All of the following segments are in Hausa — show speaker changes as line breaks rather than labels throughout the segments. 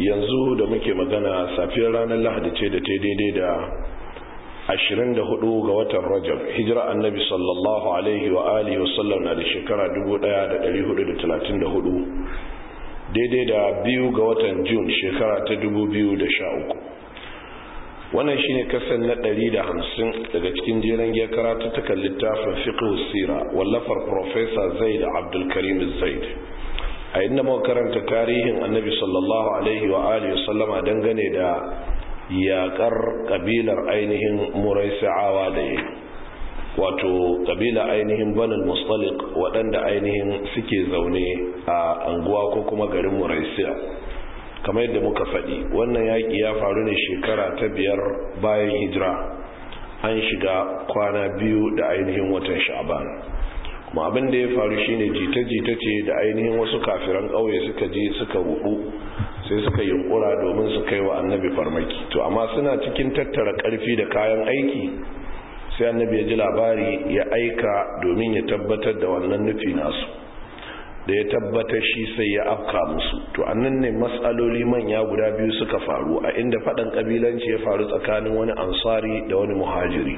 yanzu da muke magana safiyar ranar lahadi ce da ta daidai da 24 ga watan rajab hijira annabi sallallahu alaihi wa alihi wasallam na da shekara 1434 daidai da biyu ga watan jun shekara ta 2013 wannan shine kasan na 150 daga cikin jiran ya karatu takan littafin fiqh sira wallafar professor zaid abdulkarim zaid a inda muka karanta tarihin annabi sallallahu alaihi wa alihi sallama dangane da yaƙar kabilar ainihin muraisawa da yi wato kabila ainihin banin mustalik waɗanda ainihin suke zaune a anguwa ko kuma garin Muraisa. kamar yadda muka faɗi wannan yaƙi ya faru ne shekara ta biyar bayan hijira an shiga kwana biyu da ainihin watan sha'aban kuma abin da ya faru shine jita-jita ce da ainihin wasu kafiran ƙauye suka je suka rudu sai suka yunkura domin su kai wa annabi farmaki to amma suna cikin tattara ƙarfi da kayan aiki sai annabi ya ji labari ya aika domin ya tabbatar da wannan nufi nasu da ya tabbatar shi sai ya afka musu to annan ne matsaloli manya guda biyu suka faru a inda faɗan ƙabilanci ya faru tsakanin wani ansari da wani muhajiri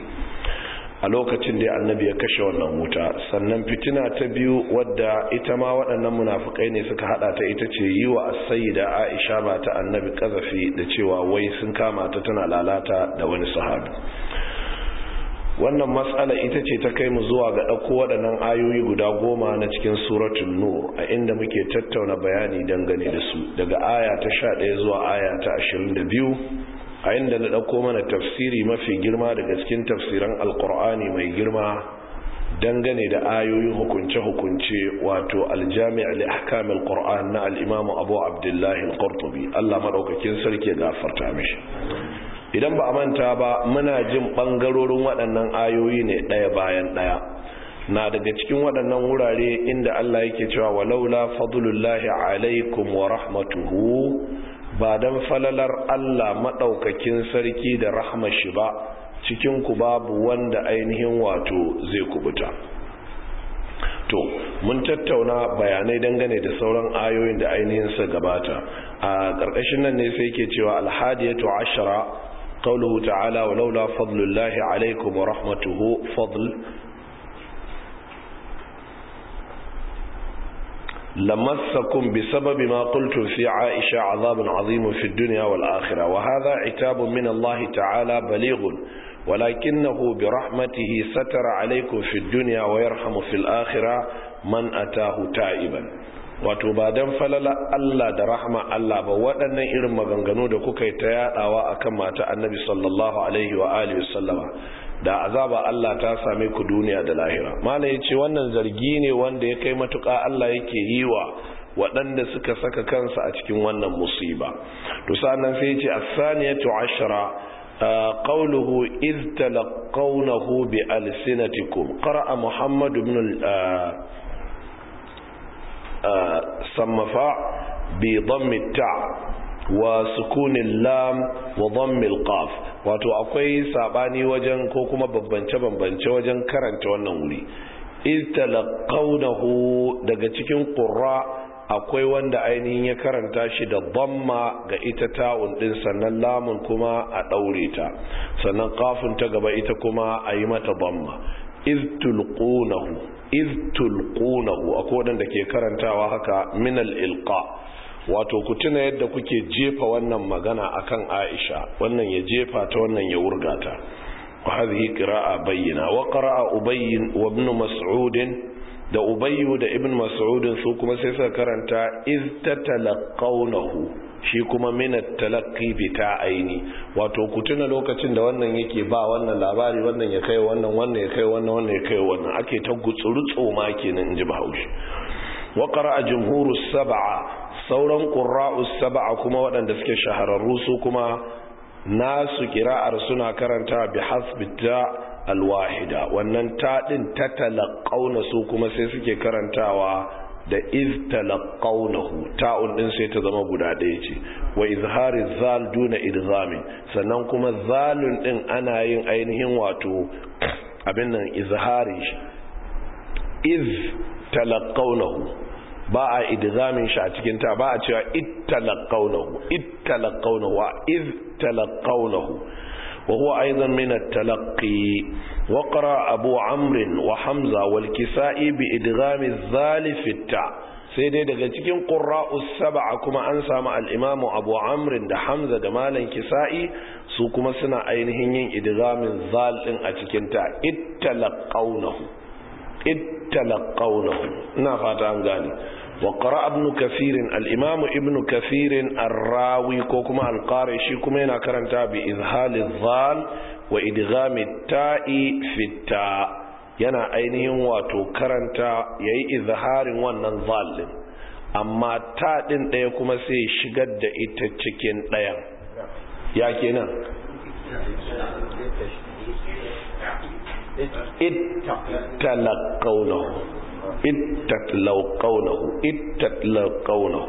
a lokacin da annabi ya kashe wannan wuta sannan fitina ta biyu wadda ita ma waɗannan munafukai ne suka hada ta ita ce yi wa sayyida aisha ba ta annabi kazafi da cewa wai sun kama ta tana lalata da wani sahabi wannan matsala ita ce ta kai mu zuwa ga ɗauko waɗannan ayoyi guda goma na cikin suratun nur a inda muke tattauna bayani dangane da su daga aya ta sha ɗaya zuwa aya ta biyu. a inda na ɗauko mana tafsiri mafi girma daga cikin tafsiran alkur'ani mai girma dangane da ayoyin hukunce-hukunce wato aljami li ahkamil qur'an na alimam abu abdullahi al-qurtubi Allah madaukakin sarki ya gafarta mishi idan ba a manta ba muna jin ɓangarorin waɗannan ayoyi ne ɗaya bayan ɗaya na daga cikin waɗannan wurare inda Allah yake cewa walaula fadlullahi alaikum wa rahmatuhu ba don falalar Allah maɗaukakin sarki da rahmar shi ba cikin ku babu wanda ainihin wato zai kubuta to mun tattauna bayanai dangane da sauran ayoyin da ainihin sa gabata a ƙarƙashin nan ne sai yake cewa alhadiyatu ashara qawluhu ta'ala wa laula fadlullahi alaikum wa rahmatuhu fadl لمسكم بسبب ما قلتم في عائشة عذاب عظيم في الدنيا والآخرة وهذا عتاب من الله تعالى بليغ ولكنه برحمته ستر عليكم في الدنيا ويرحم في الآخرة من أتاه تائبا wato ba dan falala Allah da rahma Allah ba waɗannan irin maganganu da kuka yi ta yaɗawa akan mata annabi sallallahu alaihi wa alihi wasallama da azaba Allah ta same ku duniya da lahira mala ya ce wannan zargi ne wanda ya kai matuƙa Allah yake yi wa waɗanda suka saka kansa a cikin wannan musiba to sannan sai ya ce saniyatu ashara qawluhu iz talaqawnahu bi alsinatikum qara'a muhammad ibn al-sammafa bi dhamm ta wa sukunin lam wa dhammil qaf wato akwai sabani wajen ko kuma bambance bambance wajen karanta wannan wuri iz talaqawnahu daga cikin qurra akwai wanda ainihin ya karanta shi da bamma ga ita ta'un din sannan lamun kuma a daure ta sannan qafun ta gaba ita kuma a yi mata bamma. iz tulqunahu iz akwai wanda ke karantawa haka Minal al ilqa wato ku tuna yadda kuke jefa wannan magana akan Aisha wannan ya jefa ta wannan ya wurgata wa hadhihi qira'a bayyina wa qara'a Ubay wa Ibn Mas'ud da Ubayyu da Ibn Mas'ud su kuma sai suka karanta iz tatalaqawnahu shi kuma min at-talaqqi bi ta'aini wato ku tuna lokacin da wannan yake ba wannan labari wannan ya kai wannan wannan ya kai wannan wannan ya kai wannan ake ta gutsuru tsoma kenan inji Bahaushe wa qara'a jumhurus sab'a sauran ƙura'us saba'a kuma waɗanda suke shahararru su kuma nasu kira'ar suna karanta bi hasbita alwahida wannan taɗin ta talakauna su kuma sai suke karantawa da iz hu ta'un ɗin sai ta zama guda ɗaya ce wa izharin zal duna idzami sannan kuma zalun ɗin ana yin ainihin wato abin nan izharin iz hu ba a idgamin shi a cikin ta ba a cewa ittalaqawnahu ittalaqawnahu wa iz talaqawnahu wa huwa aidan min at-talaqqi wa qara abu amr wa hamza wal kisa'i bi idghami adh-dhalif ta sai dai daga cikin qurra'us sab'a kuma an samu al-imamu abu amr da hamza da malan kisa'i su kuma suna ainihin yin idgamin zal din a cikin ta ittalaqawnahu ittalaqawnahu ina fata an gane وقرأ ابن كثير الإمام ابن كثير الراوي كوكما القارئ شيكما ينكرنتا بإذهال الظال وإدغام التاء في التاء yana ainihin wato karanta ya yi izharin wannan zalin amma ta ɗin ɗaya kuma sai shigar da ita cikin ɗayan ya kenan it talakaunahu اتتلوا قوله لو قوله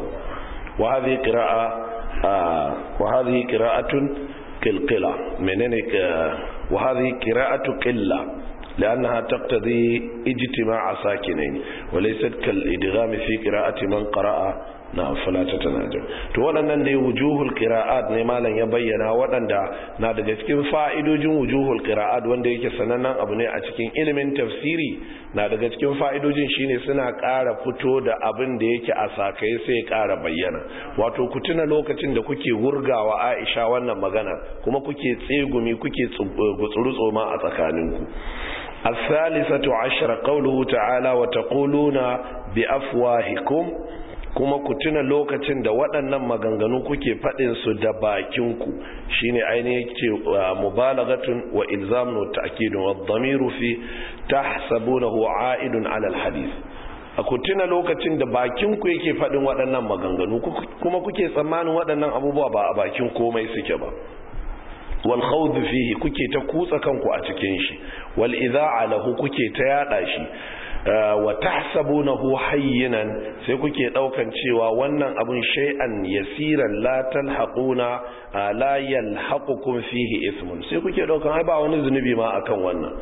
وهذه قراءة آه، وهذه قراءة كالقلة منين وهذه قراءة قلة لأنها تقتضي اجتماع ساكنين وليست كالإدغام في قراءة من قرأ na falata tanajim to waɗannan dai wujuhul qira'at ne malam ya bayyana waɗanda na daga cikin fa'idojin wujuhul qira'at wanda yake sanannen abu ne a cikin ilimin tafsiri na daga cikin fa'idojin shine suna ƙara fito da abin da yake a sakai sai ƙara bayyana wato ku tuna lokacin da kuke wurgawa Aisha wannan magana kuma kuke tsegumi kuke eh, gutsuru a tsakaninku الثالثة عشر قوله تعالى وتقولون بأفواهكم kuma ku tuna lokacin da waɗannan maganganu kuke faɗin su da bakinku shine ainihin ce uh, mubalaghatun wa ilzamun ta'kidun wa dhamiru fi tahsabunahu a'idun 'ala al-hadith ku tuna lokacin da bakinku yake faɗin waɗannan maganganu kuma kuke tsammanin waɗannan abubuwa ba a bakin komai suke ba wal khawd fihi kuke ta kutsa kanku a cikin shi wal idha'a lahu kuke ta yada shi Eh, wa tahsabunahu hayyinan sai kuke daukan cewa wannan abun shay'an yasiran la talhaquna eh, la yalhaqukum fihi ismun sai kuke daukan ai ba wani zunubi ma akan wannan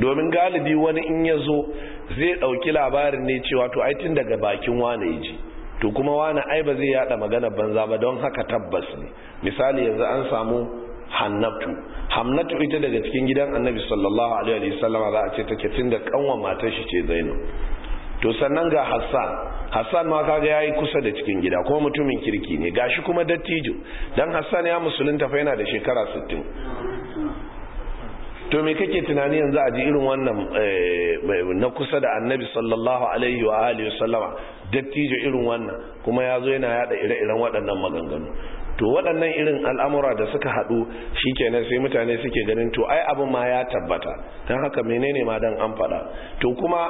domin galibi wani in ya zo zai dauki labarin ne cewa to ai tun daga bakin wane yaji to kuma wane ai ba zai yada magana banza ba don haka tabbas ne misali yanzu an samu hannatu hamnatu ita daga cikin gidan annabi sallallahu alaihi sallam za a ce take tun da kanwa matar shi ce zainab to sannan ga hassan hassan ma kaga yayi kusa da cikin gida ko mutumin kirki ne gashi kuma dattijo dan hassan ya musulunta fa yana da shekara 60 to me kake tunani yanzu a ji irin wannan eh, na kusa da annabi sallallahu alaihi wa alihi wasallama dattijo irin wannan kuma ya zo yana yada ire-iren waɗannan maganganu to waɗannan irin al'amura da suka haɗu shi kenan sai mutane suke ganin to ai abin ma ya tabbata don haka menene ma don an faɗa to kuma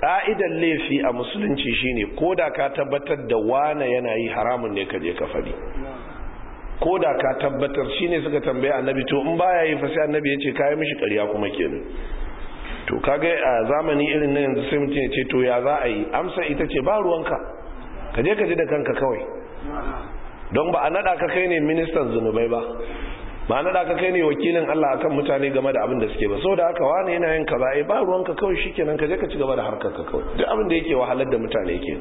ƙa'idan laifi a musulunci shine ko da ka tabbatar da wane yana yi haramun ne ka je ka faɗi ko da ka tabbatar shine suka tambaya annabi to in baya yi fa annabi ya ce kayi mishi ƙarya kuma kenan to kaga a zamani irin na yanzu sai mutum ya ce to ya za a yi amsa ita ce ba ruwanka ka je ka ji da kanka kawai don ba a nada ka kai ne ministan zunubai ba ba a nada ka kai ne wakilin Allah akan mutane game da abin da suke ba saboda aka wani yana yin kaza eh ba ka kawai shikenan ka je ka ci gaba da harkar ka kawai duk abin da yake wahalar da mutane yake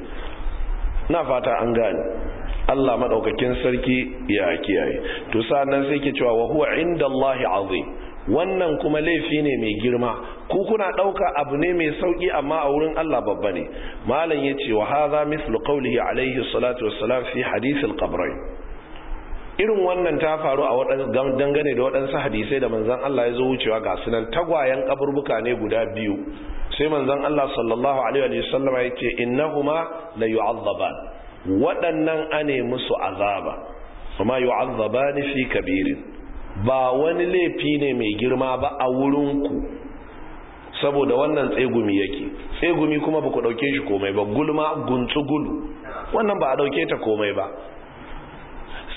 na fata an gane Allah madaukakin sarki ya kiyaye to nan sai ke cewa wa huwa indallahi azim wannan kuma laifi ne mai girma ku kuna ɗauka abu ne mai sauƙi amma a wurin Allah babba ne malam ya ce wa haza mislu qawlihi alaihi salatu wassalam fi hadith al irin wannan ta faru a waɗansu dangane da waɗansu hadisai da manzon Allah ya zo wucewa ga sunan tagwayen kaburbuka ne guda biyu sai manzon Allah sallallahu alaihi wa ya ce innahuma la yu'azzaban waɗannan ane musu azaba kuma yu'azzabani fi kabirin ba wani laifi ne mai girma ba a wurinku saboda wannan tsegumi yake tsegumi kuma ba ku ɗauke shi komai ba gulma guntu gulu wannan ba a ɗauke ta komai ba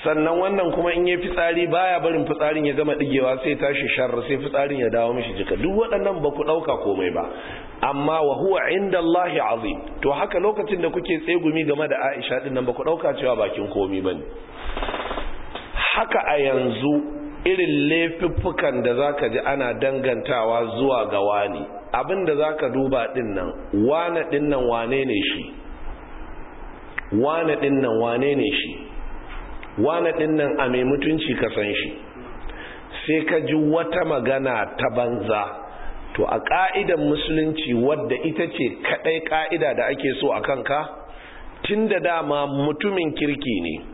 sannan wannan kuma in yi fitsari baya barin fitsarin ya gama digewa sai tashi sharra sai fitsarin ya dawo mishi jika duk waɗannan ba ku ɗauka komai ba amma wa huwa inda Allahi azim to haka lokacin da kuke tsegumi game da Aisha din nan ba ku ɗauka cewa bakin komai bane haka a yanzu irin laifuffukan da zaka ji ana dangantawa zuwa ga wani abin da za ka duba din nan wane din nan wane ne shi wane din nan wane ne shi wane din nan a mai mutunci ka san shi sai ka ji wata magana ta banza to a ka'idan musulunci wadda ita ce kaɗai ka'ida da ake so a kanka tun da dama mutumin kirki ne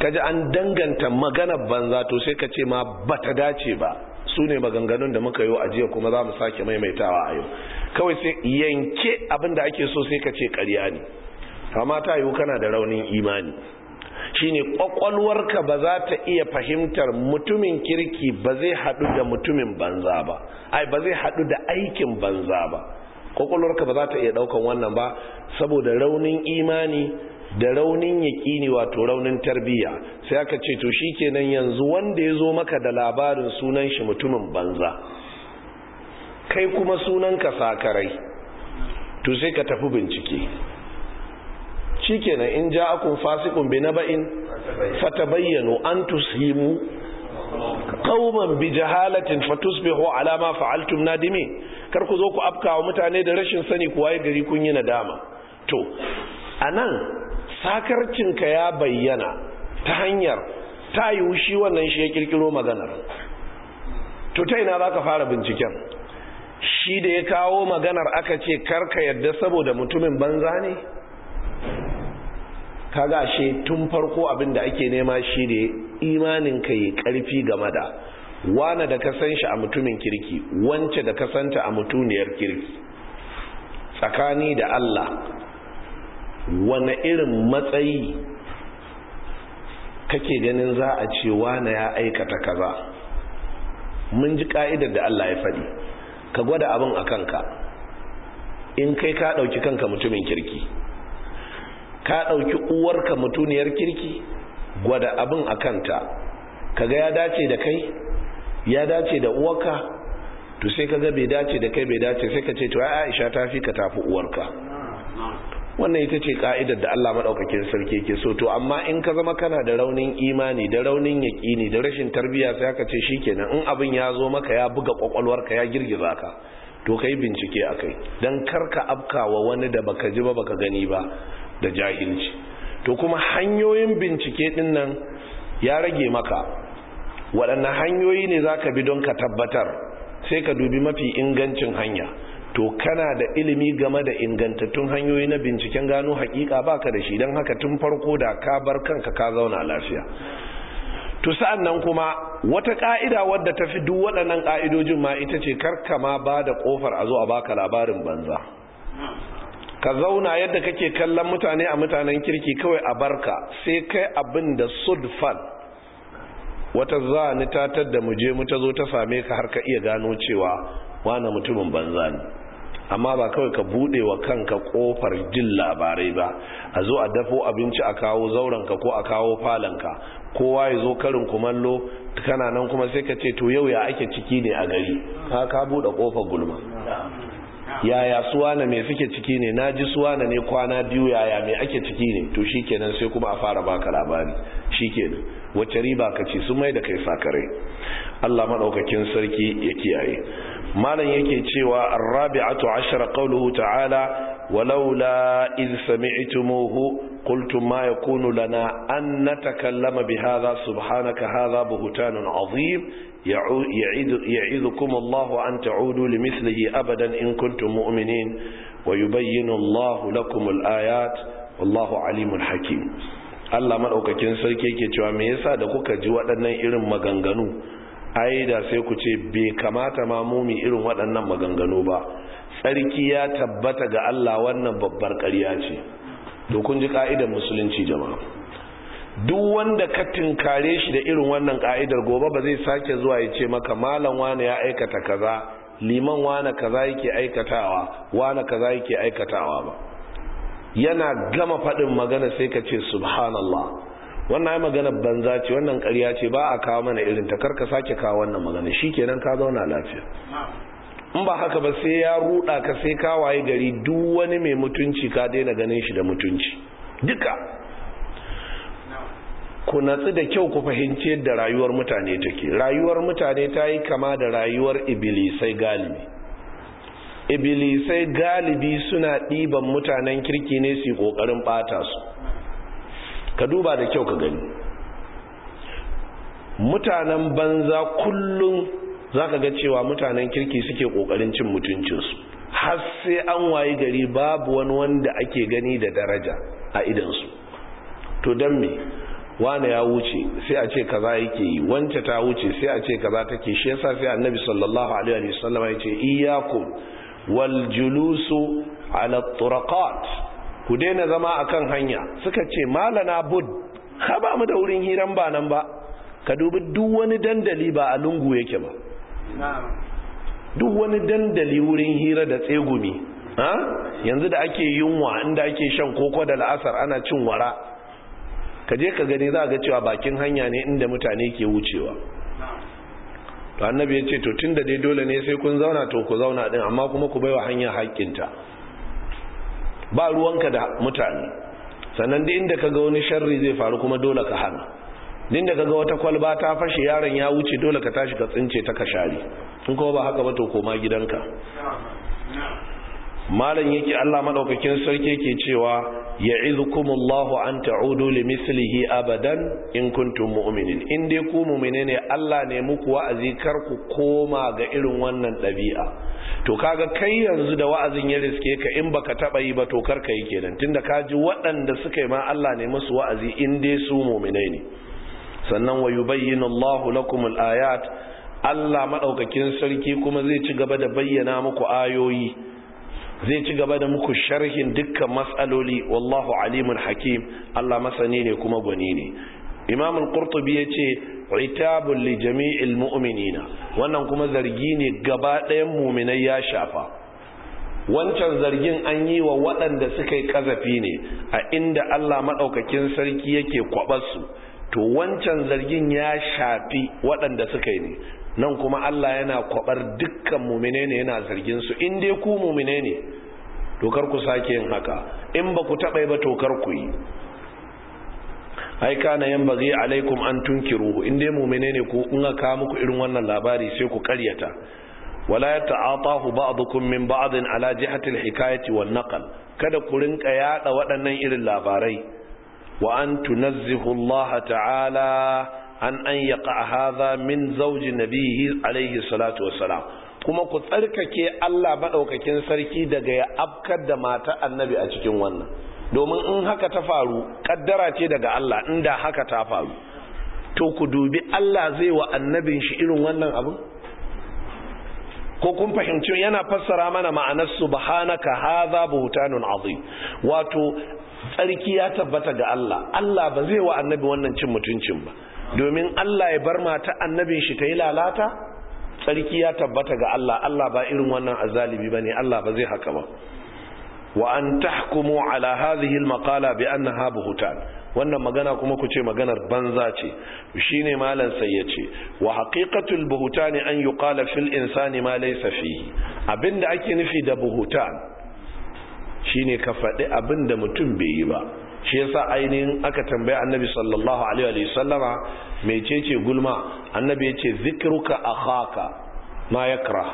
kaji an danganta magana banza to sai ka ce ma bata dace ba su ne maganganun da muka yi a jiya kuma za mu sake maimaitawa a yau kawai sai yanke abin da ake so sai ka ce ƙarya ne amma ta yiwu kana da raunin imani shine kwakwalwarka ba za ta iya fahimtar mutumin kirki ba zai haɗu da mutumin banza ba ai ba zai haɗu da aikin banza ba kwakwalwarka ba za ta iya ɗaukan wannan ba saboda raunin imani da raunin yaƙini wato raunin tarbiyya sai aka ce to shikenan yanzu wanda ya zo maka da labarin sunan shi mutumin banza kai kuma sunan ka sakarai to sai ka tafi bincike shi kenan in ja akun fasikun bi na ba'in fata bayyano an tusimu qauman bi jahalatin fatusbihu ala ma fa'altum dimi kar ku zo ku afkawa mutane da rashin sani ku waye gari kun yi nadama to anan sakarcinka ya bayyana ta hanyar ta yiwu shi wannan shi ya kirkiro maganar to ina za ka fara binciken shi da ya kawo maganar aka ce karka yadda saboda mutumin banza ne kaga ashe tun farko abin da ake nema shi ne imanin ka yi karfi game da wane da ka san shi a mutumin kirki wance da ka santa a mutuniyar kirki tsakani da Allah wane irin matsayi kake ganin za a ce wane ya aikata kaza mun ji ka'idar da Allah ya faɗi ka gwada abin a kanka in kai ka ɗauki kanka mutumin kirki ka ɗauki uwarka mutuniyar kirki gwada abin a kanta kaga ya dace da kai ya dace da uwarka to sai kaga bai dace da kai bai dace sai ka ce to Aisha ta fi ka tafi uwarka wannan ita ce ka'idar da Allah madaukakin sarki yake so to amma in ka zama kana da raunin imani da raunin yaƙini da rashin tarbiyya sai aka ce shikenan in abin ya zo maka ya buga kwakwalwarka ya girgiza ka to kai bincike akai dan karka afkawa wani da baka ji ba baka gani ba da jahilci to kuma hanyoyin bincike din nan ya rage maka waɗanne hanyoyi ne zaka bi don ka tabbatar sai ka dubi mafi ingancin hanya to kana da ilimi game da ingantattun hanyoyi na binciken gano hakika baka da shi don haka tun farko da ka bar kanka ka zauna lafiya to sa'an nan kuma wata ka'ida wadda ta fi duk waɗannan ka'idojin ma ita ce karka ma ba da ƙofar a zo a baka labarin banza ka zauna yadda kake kallon mutane a mutanen kirki kawai a barka sai kai abin da sudfan wata zani ta tadda mu je mu ta zo ta same ka har ka iya gano cewa wane mutumin banza ne amma ba kawai ka bude wa kanka kofar jin labarai ba a zo a dafo abinci a kawo zaurenka ko a kawo falanka kowa ya zo karin kumallo kana nan kuma sai ka ce to yau ya ake ciki ne a gari ka ka bude kofar gulma yaya suwana mai suke ciki ne na ji suwana ne kwana biyu yaya mai ake ciki ne to shi kenan sai kuma a fara baka labari shi kenan wacce riba ka ci? Su mai da kai sakare allah maɗaukakin sarki ya kiyaye malam yake cewa arabi'atu ashara qawluhu ta'ala walaula idh sami'tumuhu qultum ma yakunu lana an natakallama bihadha subhanaka hadha buhtanun azim ya'idukum Allahu an ta'udu limithlihi abadan in kuntum mu'minin wa yubayyinu Allahu lakum al-ayat wallahu alimul hakim Allah madaukakin sarki yake cewa me yasa da kuka ji waɗannan irin maganganu ai da sai ku ce bai kamata ma mumi irin waɗannan maganganu ba tsarki ya tabbata ga Allah wannan babbar ƙarya ce to kun ji ka'idar musulunci jama'a duk wanda ka tinkare shi da irin wannan ka'idar gobe ba zai sake zuwa ya ce maka malam wani ya aikata kaza liman wani kaza yake aikatawa wani kaza yake aikatawa ba yana gama faɗin magana sai ka ce subhanallah wannan ai magana banza ce wannan ƙarya ce ba a kawo mana irin ta ka sake kawo wannan magana shikenan ka zauna lafiya in ba haka ba sai ya ruda ka sai ka waye gari duk wani mai mutunci ka daina ganin shi da mutunci duka ku natsu da kyau ku fahimci yadda rayuwar mutane take rayuwar mutane ta yi kama da rayuwar ibilisai galibi ibilisai galibi suna ɗiban mutanen kirki ne su yi ƙoƙarin ɓata su ka duba da kyau ka gani mutanen banza kullum za ka ga cewa mutanen kirki suke ƙoƙarin cin mutuncinsu har sai an wayi gari babu wani wanda ake gani da daraja a idansu to don me wane ya wuce sai a ce kaza yake yi wance ta wuce sai a ce kaza take shi yasa sai annabi sallallahu alaihi wasallam ya ce iyyakum wal julusu ala turaqat ku daina zama akan hanya suka ce malana bud ka ba mu da wurin hiran ba nan ba ka dubi duk wani dandali ba a lungu yake ba duk wani dandali wurin hira da tsegumi ha yanzu da ake yunwa inda ake shan koko da la'asar ana cin wara ka je ka gani za ga cewa bakin hanya ne inda mutane ke wucewa to annabi ya ce to tunda dai dole ne sai kun zauna to ku zauna din amma kuma ku baiwa hanya hakinta. ba ruwanka da mutane sannan duk inda kaga wani sharri zai faru kuma dole ka hana din da kaga wata kwalba ta fashe yaron ya wuce dole ka tashi ka tsince ta ka share in kuma ba haka ba to koma gidanka malam yake Allah madaukakin sarki yake cewa ya'izukumullahu an ta'udu mislihi abadan in kuntum mu'minin in dai ku mu'mine ne Allah ne muku wa'azi kar ku koma ga irin wannan ɗabi'a to kaga kai yanzu da wa'azin ya riske ka in baka taba yi ba to kar ka yi kenan tunda ka ji waɗanda suka yi ma Allah ne musu wa'azi in dai su mu'mine ne sannan wa yubayyinu Allahu lakum al-ayat Allah madaukakin sarki kuma zai ci gaba da bayyana muku ayoyi zai ci gaba da muku sharhin dukkan matsaloli wallahu alimun hakim Allah masani ne kuma gwani ne imam al-qurtubi yace itabul li jami'il mu'minina wannan kuma zargi ne gaba ɗayan mu'minai ya shafa wancan zargin an yi wa waɗanda suka yi kazafi ne a inda Allah madaukakin sarki yake kwabar su to wancan zargin ya shafi waɗanda suka yi ne nan kuma Allah yana kwabar dukkan mumine ne yana zargin su in dai ku mumine ne to kar ku sake yin haka in ba ku taɓa ba to kar ku yi ai kana yan bagi alaikum an tunkiru in dai mumine ne ku in ka muku irin wannan labari sai ku karyata wala ta'atahu ba'dukum min ba'd ala jihati al-hikayati wan naqal kada ku rinka yada waɗannan irin labarai wa an tunazzihu Allah ta'ala an an yaqa hadha min zawji nabihi alaihi salatu wassalam kuma ku tsarkake Allah maɗaukakin sarki daga ya afkar da mata annabi a cikin wannan domin in haka ta faru kaddara ce daga Allah inda haka ta faru to ku dubi Allah zai wa annabin shi irin wannan abin ko kun fahimci yana fassara mana ma'anar subhanaka hadha buhtanun azim wato tsarki ya tabbata ga Allah Allah ba zai wa annabi wannan cin mutuncin ba domin Allah ya bar mata annabin shi ta yi lalata tsarki ya tabbata ga Allah Allah ba irin wannan azalibi bane Allah ba zai haka ba wa an tahkumu ala hadhihi almaqala bi annaha buhtan wannan magana kuma ku ce maganar banza ce shi ne malam sai ya ce wa buhuta ne an ƙala fil insani ma fi Abin da ake nufi da shi shine ka faɗi abin da mutum bai yi ba shi yasa ainihin aka tambayi annabi sallallahu alaihi wa sallama ce gulma annabi ya ce a haka ma kira.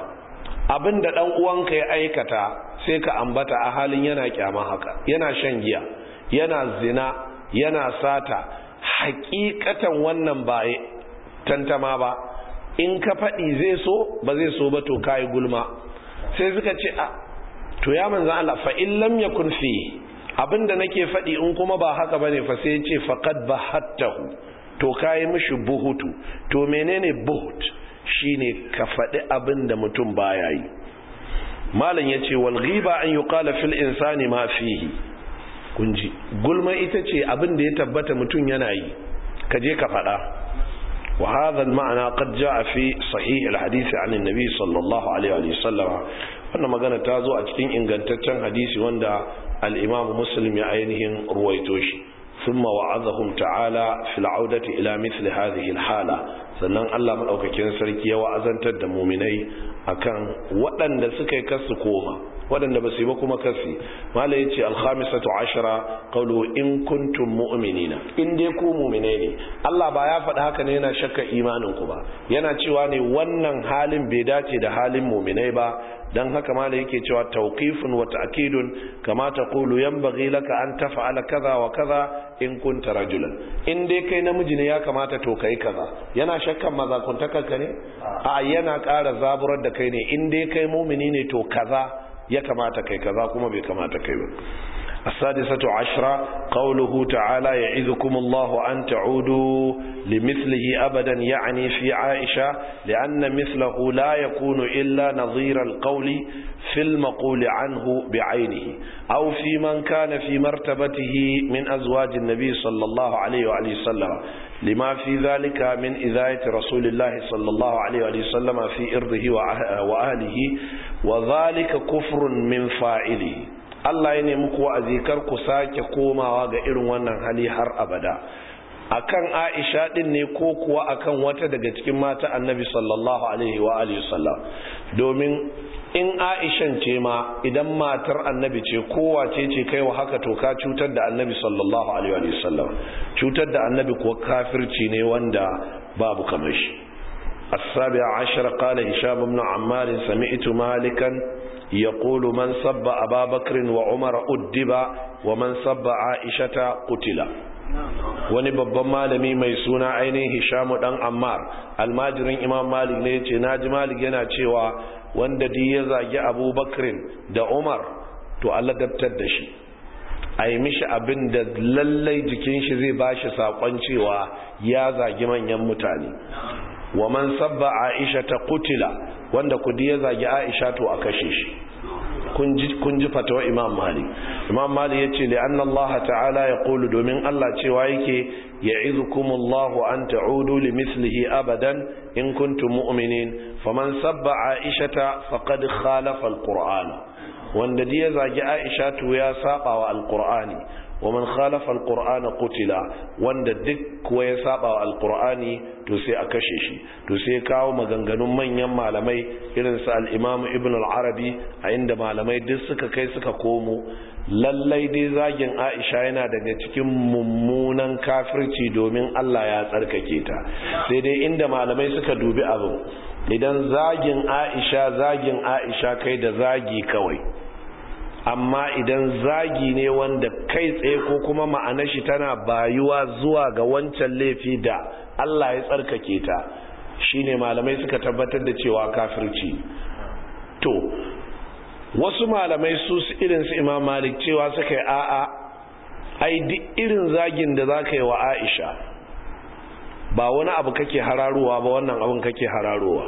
abin da ɗan uwanka ya aikata sai ka ambata a halin yana kyama haka yana shan giya yana zina yana sata hakikatan wannan ba tantama ba in ka faɗi zai so ba zai so ba to kayi gulma sai suka ce a ah, to ya manzo Allah fa in lam yakun fi abinda nake faɗi in kuma ba haka bane fa sai ya ce faqad bahattahu to kayi mishi buhutu to menene buhut shine ka faɗi abinda mutum baya yi malam yace wal ghiba an yuqala fil insani ma fihi kunji gulma ita ce abin da ya tabbata mutum yana yi ka je ka faɗa wa hadha ma'ana mana qad ja'a fi sahih al-hadith an an-nabi sallallahu alaihi wa sallam wannan magana ta zo a cikin ingantaccen hadisi wanda al-imam muslim ya ainihin ruwaito shi thumma wa'adhahum ta'ala fil 'audati ila mithli hadhihi al-hala sannan Allah madaukakin sarki ya wa'azantar da mu'minai akan waɗanda suka yi kasu koma waɗanda ba su yi ba kuma kasi mala ya ce alhamisatu ashira ƙaulu in kuntum mu'minina in dai ku mu'mine ne Allah ba ya faɗi haka ne yana shakka imanin ku ba yana cewa ne wannan halin bai dace da halin mu'minai ba dan haka mala yake cewa tawqifun wa ta'kidun kama taqulu yanbaghi laka an taf'ala kaza wa kaza in kunta rajulan in dai kai namiji ne ya kamata to kai kaza yana shakkan mazakuntakarka ne a yana ƙara zaburar da kai ne in dai kai mumini ne to kaza ya kamata kai kaza kuma bai kamata kai ba السادسة عشرة قوله تعالى يعذكم الله أن تعودوا لمثله أبدا يعني في عائشة لأن مثله لا يكون إلا نظير القول في المقول عنه بعينه أو في من كان في مرتبته من أزواج النبي صلى الله عليه وآله وسلم لما في ذلك من إذاية رسول الله صلى الله عليه وآله وسلم في إرضه وأهله وذلك كفر من فاعله Allah ya nemi kuwa azikar ku sake komawa ga irin wannan hali har abada akan Aisha din ne ko kuwa akan wata daga cikin mata Annabi sallallahu alaihi wa alihi sallam domin in Aishan ce ma idan matar Annabi ce kowa ce ce kai wa haka to ka cutar da Annabi sallallahu alaihi wa sallam cutar da Annabi kuwa kafirci ne wanda babu kamar shi السابع عشر قال هشام بن عمار سمعت مالكا يقول من صب أبا بكر وعمر أدب ومن صب عائشة قتل wani babban malami mai suna ainihin hishamu dan ammar almajirin imam malik ne ce naji malik yana cewa wanda duk ya zagi abubakarin da umar to allah dabtar da shi a yi mishi abin da lallai jikin shi zai bashi saƙon cewa ya zagi manyan mutane wa man sabba aisha ta kutila wanda kudi ya zagi aisha to a kashe shi kun ji fatawa imam mali. imam mali ya ce li'anna allah ta'ala ya kulu domin allah cewa yake ya izukumullahu an ta'udu li mislihi abadan in kuntum mu'minin man sabba aisha ta faqad khalafa alqur'ana wanda ya zagi aisha to ya saba wa alqur'ani wa man khalafa alqur'ana wanda duk kuwa ya saba wa alqur'ani to sai a kashe shi to sai kawo maganganun manyan malamai irin su al-imam ibn al-arabi a inda malamai duk suka kai suka komo lallai dai zagin Aisha yana daga cikin mummunan kafirci domin Allah ya tsarkake ta sai dai inda malamai suka dubi abin idan zagin Aisha zagin Aisha kai da zagi kawai amma idan zagi ne wanda kai tsaye ko kuma ma'ana shi tana bayuwa zuwa ga wancan laifi da Allah ya tsarkake ta shine malamai suka tabbatar da cewa kafirci to wasu malamai su irin su Imam Malik cewa suka yi a'a ai duk irin zagin da zaka yi wa Aisha ba wani abu kake hararowa ba wannan abin kake hararowa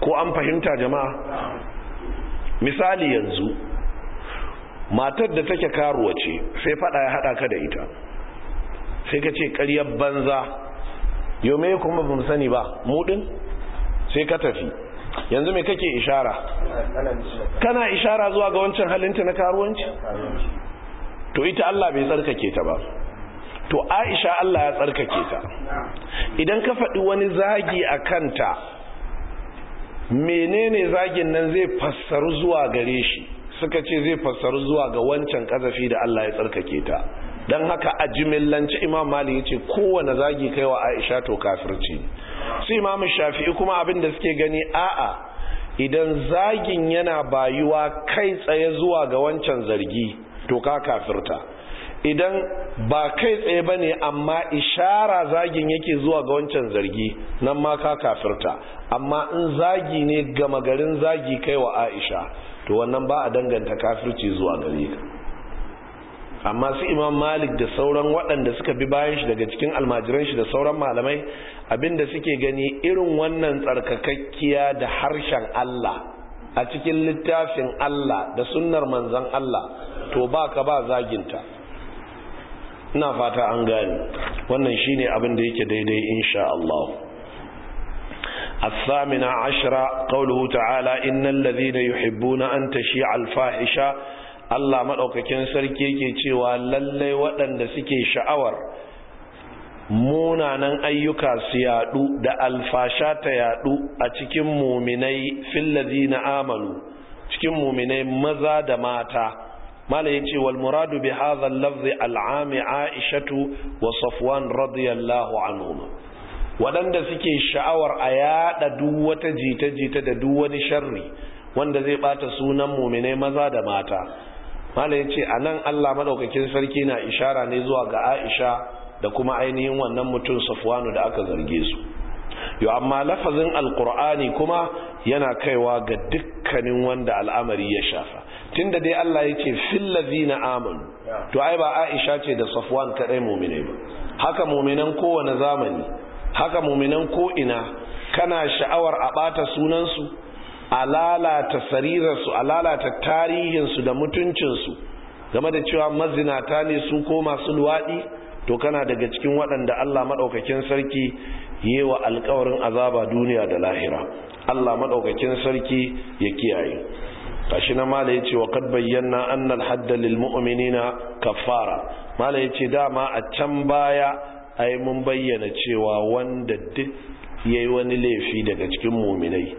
ko an fahimta jama'a misali yanzu matar da take karuwa ce sai fada ya hada ka da ita sai ka ce karyar banza yau mai kuma ba sani ba mudin sai ka tafi yanzu mai kake ishara kana ishara zuwa ga wancan halinta na karuwanci to ita Allah bai tsarkake ta ba to Aisha Allah ya tsarkake ta idan ka faɗi wani zagi a kanta menene zagin nan zai fassaru zuwa gare shi suka ce zai fassaru zuwa ga wancan kazafi da Allah ya tsarkake ta don haka a jimillanci imam mali ya ce kowane zagi kai wa aisha to kafirci su imam shafi'i kuma abin da suke gani a'a idan zagin yana bayuwa kai tsaye zuwa ga wancan zargi to ka kafirta idan ba kai tsaye ba ne amma ishara zagin yake zuwa ga wancan zargi nan ma ka kafirta amma in zagi ne gama garin zagi kai wa aisha to wannan ba a danganta kafirci zuwa gare ka amma su imam malik da sauran waɗanda suka bi bayan shi daga cikin almajiran shi da sauran malamai abinda suke gani irin wannan tsarkakakkiya da harshen allah a cikin littafin allah da sunnar manzan allah to ba ka ba zaginta ina fata an gane wannan shine abin da yake daidai insha Allah الثامنة عشرة قوله تعالى إن الذين يحبون أن تشيع alfahisha. Allah maɗaukakin sarki ke cewa lallai waɗanda suke sha'awar munanan ayyuka su yaɗu da alfasha ta yadu a cikin muminai fillazi na cikin muminai maza da mata mala ya ce wal muradu bi hadha lafzi al'ami aishatu wa safwan radiyallahu anhu waɗanda suke sha'awar a yaɗa duk wata jita-jita da duk wani sharri wanda zai ɓata sunan muminai maza da mata mala ya ce a nan allah maɗaukakin sarki na ishara ne zuwa ga aisha da kuma ainihin wannan mutum safwanu da aka zarge su yo amma lafazin alkur'ani kuma yana kaiwa ga dukkanin wanda al'amari ya shafa tunda dai allah ya ce fillazina amanu to ai ba aisha ce da safwan kaɗai muminai ba haka muminan kowane zamani haka muminan ko'ina kana sha'awar a ɓata sunansu a lalata sarirarsu a lalata tarihinsu da mutuncinsu game da cewa mazinata ne su ko masu luwaɗi to kana daga cikin waɗanda Allah maɗaukakin sarki yi wa alkawarin azaba duniya da lahira Allah maɗaukakin sarki ya kiyaye kashi na mala yace wa kad bayyana annal hadda lil mu'minina kafara mala yace dama a can baya ai mun bayyana cewa wanda duk yayi wani laifi daga cikin muminai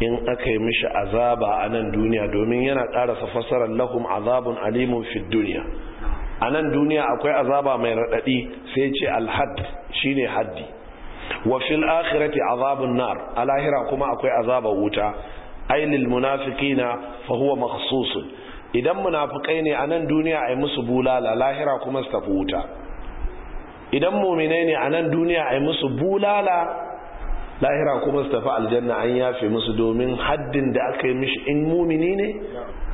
in aka yi mishi azaba a nan duniya domin yana ƙarasa fasarar lahum azabun alimun fi duniya a nan duniya akwai azaba mai raɗaɗi sai ce alhad shine haddi wa fil akhirati azabun nar a lahira kuma akwai azaba wuta ainil munafiqina fa huwa makhsusun idan munafukai ne a nan duniya ai musu bulala lahira kuma su tafi wuta idan muminai ne a nan duniya a yi musu bulala lahira kuma su tafi aljanna an yafe musu domin haddin da aka yi mishi in mumini ne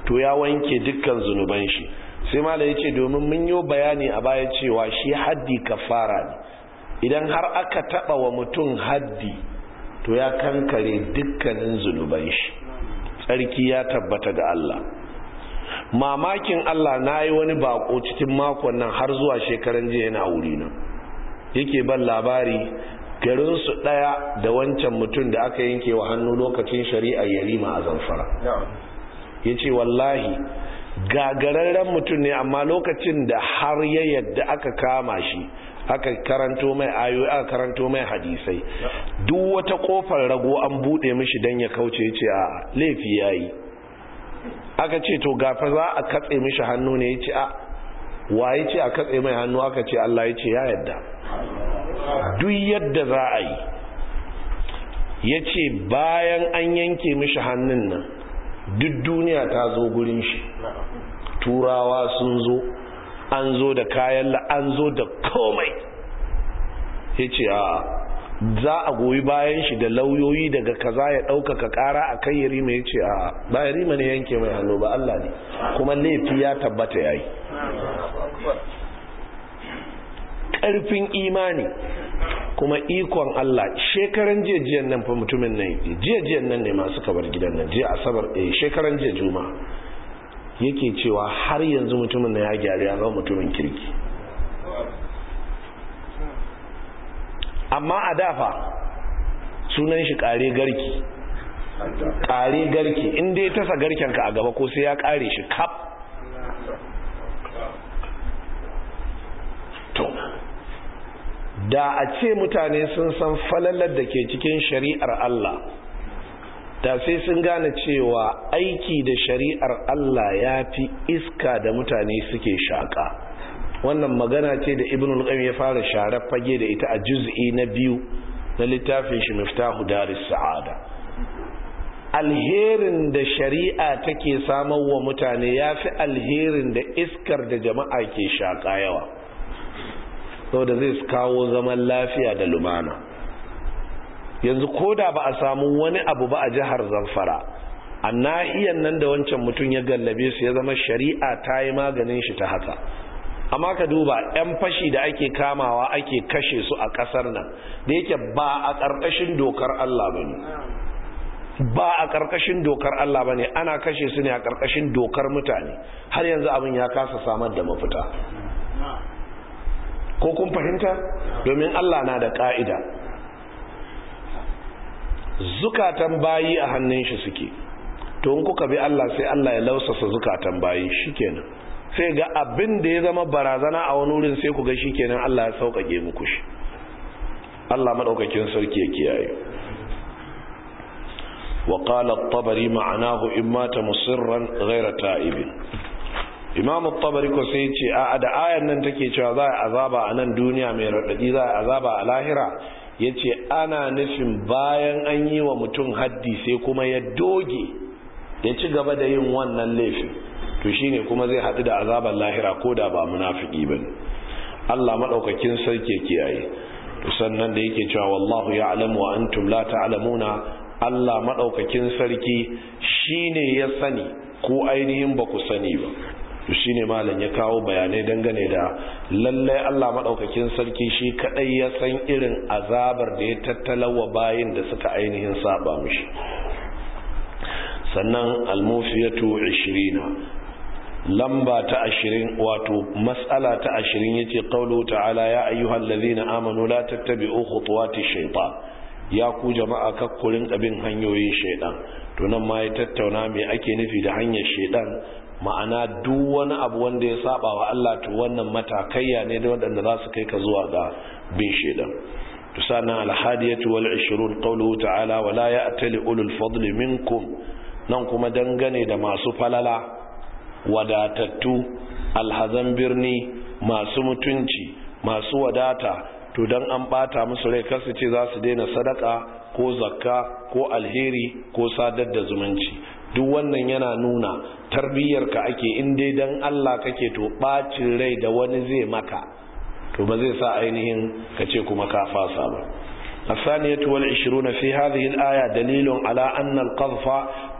to ya wanke dukkan zunuban shi sai mala ya ce domin mun yi bayani a baya cewa shi haddi kafara ne idan har aka taba wa mutum haddi to ya kankare dukkanin zunuban shi tsarki ya tabbata ga Allah mamakin Allah na yi wani bako cikin makon nan har zuwa shekaran jiya yana wuri nan yake ban labari garinsu ɗaya da wancan mutum da aka yanke wa hannu lokacin shari'a yarima a zamfara ya ce wallahi gagararren mutum ne amma lokacin da har ya yadda aka kama shi aka karanto mai ayo aka karanto mai hadisai duk wata kofar rago an bude mishi dan ya kauce ya ce a laifi yayi aka ce to gafa za a katse mishi hannu ne ya ce a waye ce a katse mai hannu aka ce Allah ya ce ya yadda duk yadda za a yi ya ce bayan an yanke mishi hannun nan duk duniya ta zo gurin shi turawa sun zo an zo da kayan an zo da komai ya ce a za a goyi bayan shi da lauyoyi daga kaza ya ɗaukaka ƙara a kan yarima ya ce a ba yarima ne yanke mai hannu ba Allah ne kuma laifi ya tabbata ya yi karfin imani kuma ikon Allah shekaran jiyajiyan nan fa mutumin nan jiyajiyan nan ne masu kabar gidan nan jiya asabar eh shekaran jiya juma yake cewa har yanzu mutumin nan ya gyara ya zama mutumin kirki amma a dafa sunan shi kare garki kare garki inda ya tasa garken ka a gaba ko sai ya kare shi kap da a ce mutane sun san falalar da ke cikin shari'ar Allah da sai sun gane cewa aiki da shari'ar Allah ya fi iska da mutane suke shaƙa wannan magana ce da ibn al ya fara sharar fage da ita a juz'i na biyu na littafin shi miftahu daris sa'ada alherin da shari'a take samar wa mutane ya fi alherin da iskar da jama'a ke shaƙa yawa saboda zai kawo zaman lafiya da lumana yanzu ko da ba a samu wani abu ba a jihar zamfara a nahiyan nan da wancan mutum ya gallabe su ya zama shari'a ta yi maganin shi ta haka amma ka duba 'yan fashi da ake kamawa ake kashe su a ƙasar nan da yake ba a ƙarƙashin dokar Allah ba ne ba a ƙarƙashin dokar Allah ba ne ana kashe su ne a ƙarƙashin dokar mutane har yanzu abin ya kasa samar da mafita ko kun fahimta domin Allah na da ƙa'ida. zukatan bayi a hannun shi suke to in kuka bi Allah sai Allah ya lausasa zukatan bayi shikenan sai ga abin da ya zama barazana a wani wurin sai ku ga shikenan Allah ya sauƙaƙe muku shi Allah maɗaukakin sarki ya kiyaye وقال الطبري معناه إما تمصرا غير تائب imam at-tabari ko sai ce a da ayan nan take cewa za a azaba a nan duniya mai raɗaɗi za a azaba a lahira yace ana nufin bayan an yi wa mutum haddi sai kuma ya doge ya ci gaba da yin wannan laifin to shine kuma zai haɗu da azaban lahira ko da ba munafiki bane Allah maɗaukakin sarki ya kiyaye to sannan da yake cewa wallahu ya'lamu wa antum la ta'lamuna Allah maɗaukakin sarki shine ya sani ko ainihin ba ku sani ba to ne malam ya kawo bayanai dangane da lallai Allah maɗaukakin sarki shi kaɗai ya san irin azabar da ya tattalawa bayin da suka ainihin saba mishi sannan almufiyatu 20 lamba ta 20 wato matsala ta 20 yace qaulu ta'ala ya na amanu la tattabi'u khutuwati shaytan ya ku jama'a kakkurin abin hanyoyin shaidan to nan ma ya tattauna mai ake nufi da hanyar shaidan ma'ana duk wani abu wanda ya saba wa Allah to wannan matakaiya ne da waɗanda za su kai ka zuwa ga bin shaidan to sannan alhadiyatu wal 20 qawluhu ta'ala wala ya'tali ulul fadli minkum nan kuma dangane da masu falala wadatattu alhazan birni masu mutunci masu wadata to dan an bata musu rai kasu ce za su daina sadaka ko zakka ko alheri ko sadar da zumunci duk wannan yana nuna tarbiyyarka ake in dai dan Allah kake to bacin rai da wani zai maka to ba zai sa ainihin ka ce kuma ka fasa ba الثانية aya في هذه الآية دليل على أن القذف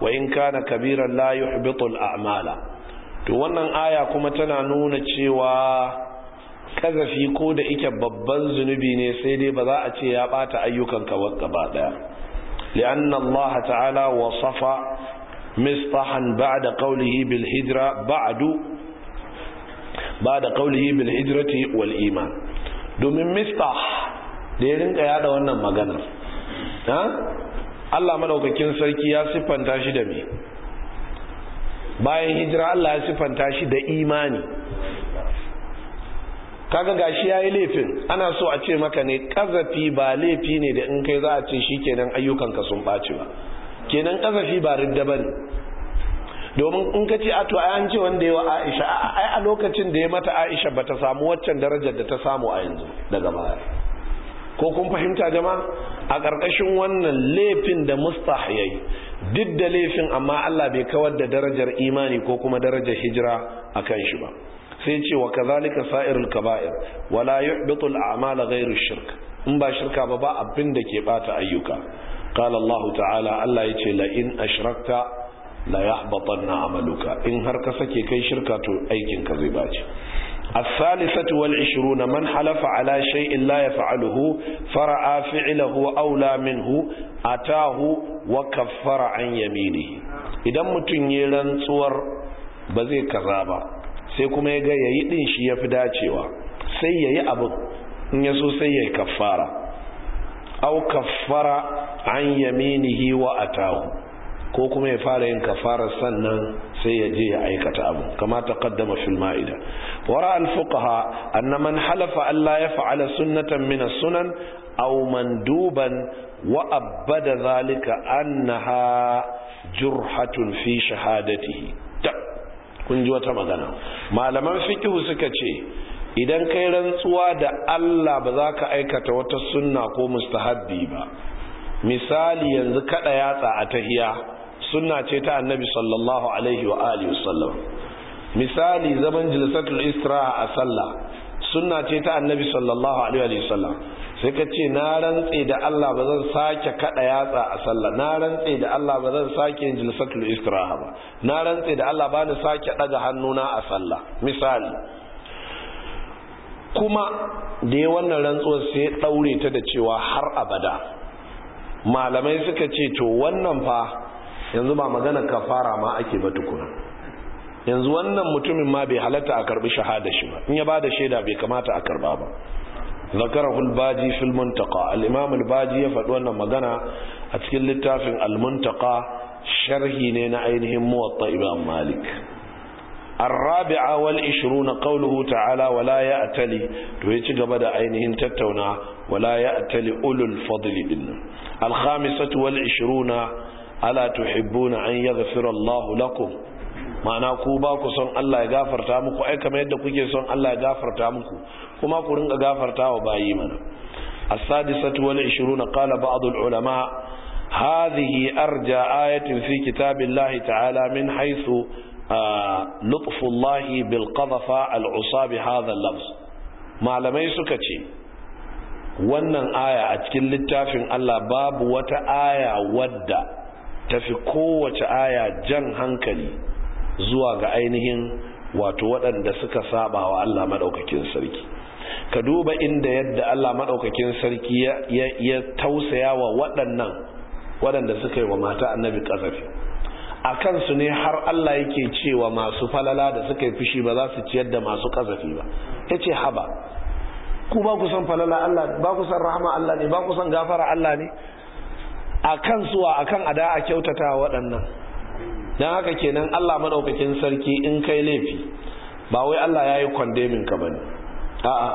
وإن كان la لا يحبط amala. to wannan aya kuma tana nuna cewa kazafi ko da ike babban zunubi ne sai dai ba za a ce ya bata ayyukan ka gaba daya li'anna Allah ta'ala wasafa مصطحا بعد قوله بالهجرة بعد بعد قوله بالهجرة والإيمان domin mistah da ya rinka yada wannan maganar Allah madaukakin sarki ya siffanta shi da me bayan hijira Allah ya siffanta shi da imani kaga gashi yayi laifin ana so a ce maka ne kazafi ba laifi ne da in kai za a ce shikenan ayyukanka sun ɓaci ba kenan kafafi ba ridda bane domin in ka ce a to ai an ce wanda yawa Aisha ai a lokacin da ya mata Aisha bata samu waccan darajar da ta samu a yanzu daga baya ko kun fahimta jama'a a ƙarƙashin wannan laifin da mustah yayi duk da laifin amma Allah bai kawar da darajar imani ko kuma darajar hijira a kan shi ba sai ce wa kazalika sa'irul kaba'ir wala yuhbitul a'mala gairu shirk in ba shirka ba ba abin da ke bata ayyuka qala Allah ta'ala Allah yace la in ashrakta la yahbatanna amaluka in har ka sake kai shirka to aikin ka zai bace الثالثة والعشرون من حلف على شيء لا يفعله فرعى فعله أولى منه أتاه وكفر عن يمينه إذا متنيلن صور بزي كذابة سيكم يجي يدين شيء في داتشوا سيئي أبو نيسو سيئي كفارة aw kaffara an yaminihi wa atahu ko kuma ya fara yin kafara sannan sai ya je ya aikata abu kama kaddama fil ma'ida wara al fuqaha anna man halafa an la yaf'ala sunnatan min as-sunan aw manduban wa abada zalika annaha jurhatun fi shahadatihi kun ji wata magana malaman fiqhu suka ce idan kai rantsuwa da Allah ba za ka aikata wata sunna ko mustahabbi ba misali yanzu kada yatsa a tahiya sunna ce ta annabi sallallahu alaihi wa alihi wasallam misali zaman jilsatul istiraha a sallah sunna ce ta annabi sallallahu alaihi wa sallam sai ka ce na rantse da Allah ba zan sake kada yatsa a sallah na rantse da Allah ba zan sake yin jilsatul istiraha ba na rantse da Allah ba ni sake daga hannuna a sallah misali kuma da ya wannan rantsuwar sai ya daure ta da cewa har abada malamai suka ce to wannan fa yanzu ba magana ka fara ma ake ba tukuna yanzu wannan mutumin ma bai halatta a karbi shahada shi ba in ya bada shaida bai kamata a karba ba zakara Hulbaji baji fil al-imam baji ya faɗi wannan magana a cikin littafin al sharhi ne na ainihin muwatta imam malik الرابعة والعشرون قوله تعالى ولا يأتلي تويتش قبدا عينهن تتونا ولا يأتلي أولو الفضل بنا الخامسة والعشرون ألا تحبون أن يغفر الله لكم ma'ana ku ba ku son Allah ya gafarta muku ai kamar yadda kuke son Allah ya gafarta muku kuma ku rinka gafarta wa bayi mana as-sadisatu wal ishiruna qala ba'd al arja ayatin fi kitabillahi ta'ala min haisu. lutfullahi bil qadhafa al hadha malamai suka ce wannan aya a cikin littafin Allah babu wata aya wadda tafi kowace aya jan hankali zuwa ga ainihin wato waɗanda suka saba wa Allah madaukakin sarki ka duba inda yadda Allah madaukakin sarki ya tausaya wa waɗannan waɗanda suka yi wa mata annabi ƙazafi a kansu ne har Allah yake cewa masu falala da suka yi fushi ba za su ciyar da masu kazafi ba ya ce haba ku ba ku san falala Allah ne ba ku san rahama Allah ne ba ku san gafara Allah ne a kan suwa a kan ada a kyautata waɗannan don haka kenan Allah maɗaukakin sarki in kai laifi ba wai Allah ya yi kwandemin ka ba ne a'a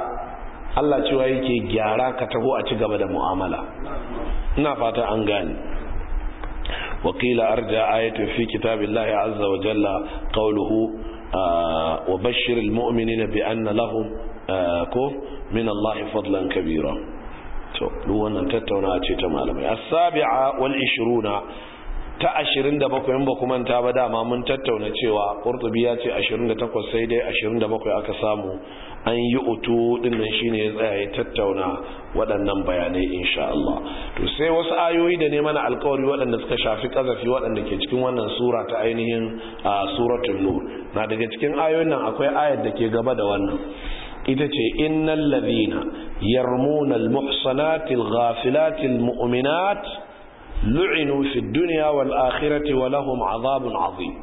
Allah cewa yake gyara ka taho a ci gaba da mu'amala ina fata an gane وقيل أرجع آية في كتاب الله عز وجل قوله وبشر المؤمنين بأن لهم من الله فضلا كبيرا to duk wannan tattauna ce ta malamai as-sabi'a wal 20 ta 27 in ba kuma ta ba dama mun tattauna cewa qurtubi ya ce 28 sai dai 27 aka samu an yi utu din nan shine ya tsaya ya tattauna waɗannan bayanai insha Allah to sai wasu ayoyi da ne mana alƙawari waɗanda suka shafi kazafi waɗanda ke cikin wannan sura ta ainihin suratul nur na daga cikin ayoyin nan akwai ayar da ke gaba da wannan ita ce innal ladina yarmuna al muhsanati al mu'minat lu'inu fi duniya wal akhirati wa lahum azabun azim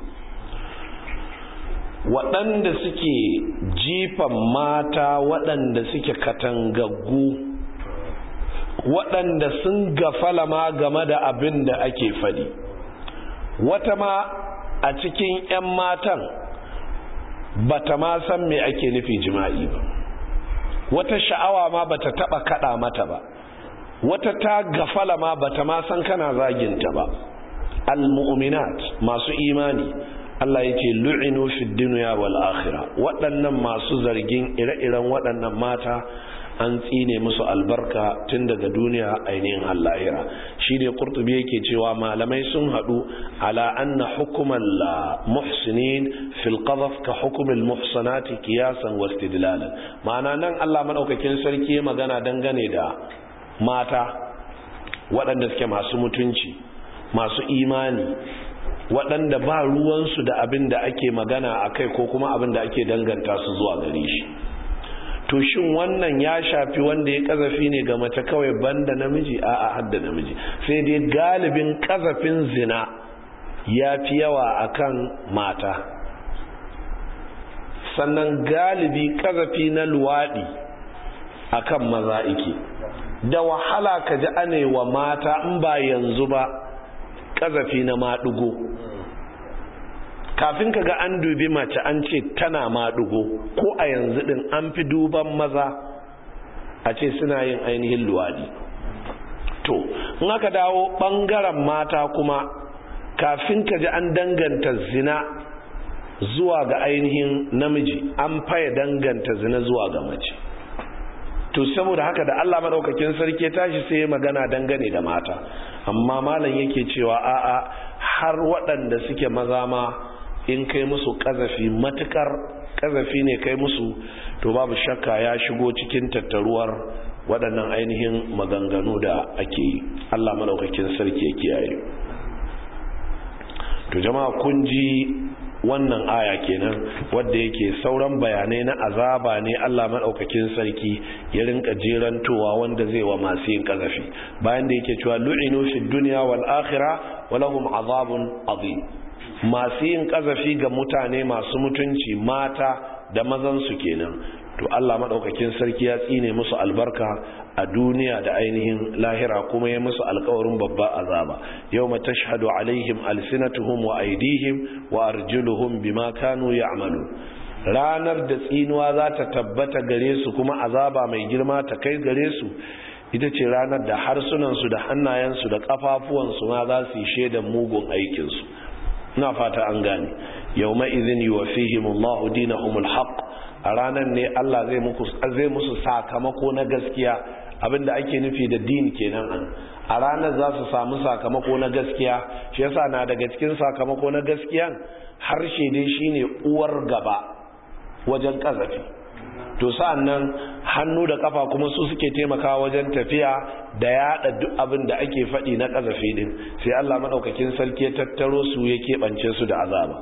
waɗanda suke jifan mata waɗanda suke katangagu waɗanda sun gafala ma game da abin da ake faɗi wata ma a cikin 'yan matan ba ta ma san me ake nufi jima'i ba wata sha'awa ma ba ta taɓa kaɗa mata ba wata ta gafala ma bata ma san kana zaginta ba almu'minat masu imani Allah ya ce lu'inu fid dunya wal akhirah waɗannan masu zargin ire-iren waɗannan mata an tsine musu albarka tun daga duniya ainihin allahira shi ne kurtubi yake cewa malamai sun haɗu ala anna hukumar la muhsinin fil ka hukumar muhsanati kiyasan wasu ma'ana nan allah maɗaukakin sarki magana dangane da mata waɗanda suke masu mutunci masu imani waɗanda ba ruwansu da abin da ake magana a kai ko kuma abin da ake danganta su zuwa gare shi to shin wannan ya shafi wanda ya kazafi ne ga mace kawai banda namiji a a hadda namiji sai dai galibin kazafin zina ya fi yawa akan mata sannan galibi kazafi na luwaɗi akan maza ike da wahala ka ji ane mata in ba yanzu ba ƙazafi na maɗugo kafin ka ga an dubi mace an ce tana maɗugo ko a yanzu ɗin an fi duban maza a ce suna yin ainihin luwadi to in aka dawo ɓangaren mata kuma kafin ka ji an danganta zina zuwa ga ainihin namiji an faya danganta zina zuwa ga mace to saboda haka da Allah madaukakin sarki tashi sai magana dangane da mata amma malam yake cewa a'a har waɗanda suke maza ma in kai musu kazafi matukar kazafi ne kai musu to babu shakka ya shigo cikin tattaruwar waɗannan ainihin maganganu da ake yi Allah madaukakin sarki ya kiyaye to jama'a kun ji wannan aya kenan wadda yake sauran bayanai na azaba ne Allah madaukakin sarki ya rinka jerantowa wanda zai wa masu yin kazafi bayan da yake cewa lu'inu fid dunya wal akhirah wa lahum azabun azim masu yin kazafi ga mutane masu mutunci mata da mazan su kenan to Allah madaukakin sarki ya tsine musu albarka a duniya da ainihin lahira kuma ya musu alkawarin babba azaba yawma tashhadu alaihim alsinatuhum wa aidihim wa arjuluhum bima kanu ya'malu ranar da tsinuwa za ta tabbata gare su kuma azaba mai girma ta kai gare su ita ce ranar da harsunansu da hannayensu da kafafuwansu ma za su yi shaidan mugun aikinsu ina fata an gane yawma idhin yuwaffihimullahu dinahumul haqq a ranar ne Allah zai musu sakamako na gaskiya abinda ake nufi da din kenan an a ranar za su samu sakamako na gaskiya shi yasa na daga cikin sakamako na gaskiyan harshe dai shine uwar gaba wajen kazafi to sa'an hannu da kafa kuma su suke taimaka wajen tafiya da yada duk abin da ake faɗi na kazafi din sai Allah madaukakin sarki ya tattaro su ya keɓance su da azaba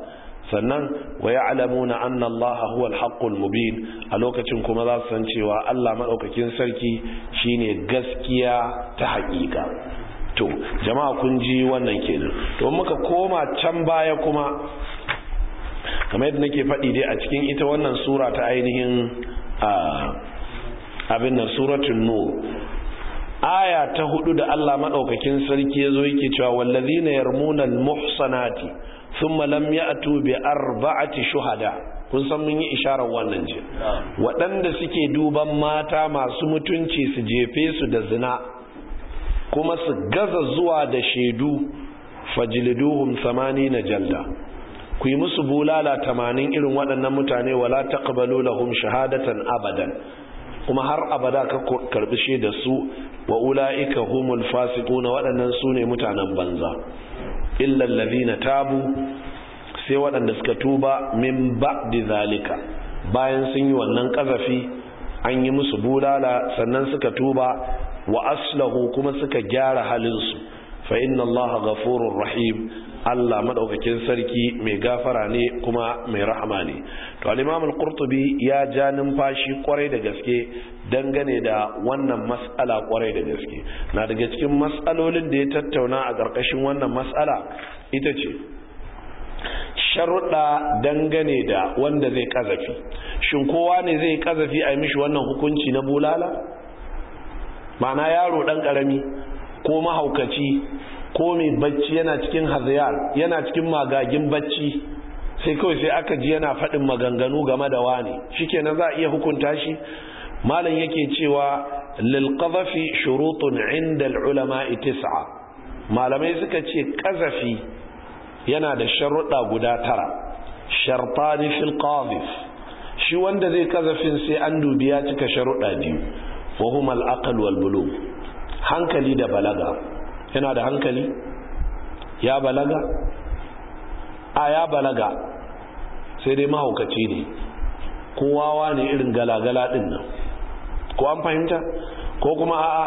sannan wa alamu anna allaha huwa al mubin a lokacin kuma za su san cewa Allah madaukakin sarki shine gaskiya ta haƙiƙa to jama'a kun ji wannan kenan to muka koma can baya kuma kamar yadda nake faɗi dai a cikin ita wannan sura ta ainihin abin nan suratul nur aya ta hudu da Allah maɗaukakin sarki ya yazo yake cewa wallazina yarmuna al-muhsanati sun lam ya'tu bi arba'ati shuhada kun san mun yi isharar wannan ce waɗanda suke duban mata masu mutunci su jefe su da zina kuma su gaza zuwa da shaidu fajliduhum na jalda ku yi musu bulala tamanin irin waɗannan mutane wala taqbalu lahum shahadatan abadan kuma har abada ka karbi da su wa ula'ika humul fasiquna waɗannan sune mutanen banza illal ladina tabu sai waɗanda suka tuba min ba'di zalika bayan sun yi wannan ƙazafi an yi musu bulala sannan suka tuba wa aslahu kuma suka gyara halinsu fa inna allaha ghafurur rahim Allah madaukakin sarki mai gafara ne kuma mai rahama ne to al-Imam al-Qurtubi ya ja numfashi kwarai da gaske dangane da wannan mas'ala kwarai da gaske na daga cikin mas'alolin da ya tattauna a ƙarƙashin wannan mas'ala ita ce sharuɗa dangane da wanda zai ƙazafi shin kowa ne zai ƙazafi a mishi wannan hukunci na bulala ma'ana yaro ɗan ƙarami ko mahaukaci ko mai bacci yana cikin haziyar yana cikin magagin bacci sai kawai sai aka ji yana faɗin maganganu game da wani shikenan za a iya hukunta shi malam yake cewa lilƙazafi shuruɗun shurutun 'inda al ulama malamai suka ce ƙazafi yana da sharuɗa guda tara shartani fil shi wanda zai ƙazafin sai an dubi ya cika sharuɗa biyu wa huma al hankali da balaga yana da hankali ya balaga a ya balaga sai dai mahaukaci ne kowawa ne irin galagala din nan ko an fahimta ko kuma a'a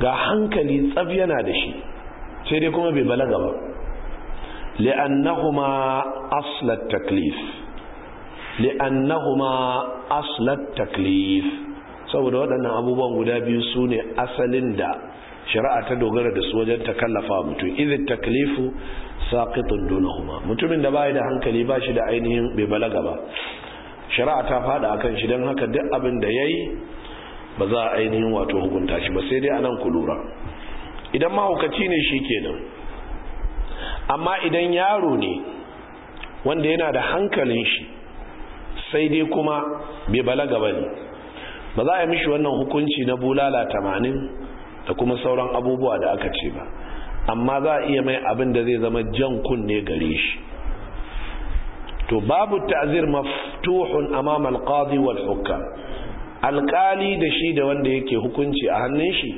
ga hankali tsaf yana da shi sai dai kuma bai balaga ba li'annahuma aslat taklif li'annahuma aslat taklif saboda waɗannan abubuwan guda biyu su ne asalin da shari'a ta dogara da su wajen ta kallafa mutum idin taklifu saqitun dunahuma mutumin da bai da hankali ba shi da ainihin bai balaga ba shari'a ta fada akan shi don haka duk abin da yayi ba za a ainihin wato hukunta shi ba sai dai anan ku lura idan mahaukaci ne shi kenan amma idan yaro ne wanda yana da hankalin shi sai dai kuma bai balaga ba ne ba za a yi mishi wannan hukunci na bulala tamanin da kuma sauran abubuwa da aka ce ba amma za a iya mai abin da zai zama jan kunne gare shi to babu ta'zir maftuhun amama alqadi wal hukam Alƙali da shi da wanda yake hukunci a hannun shi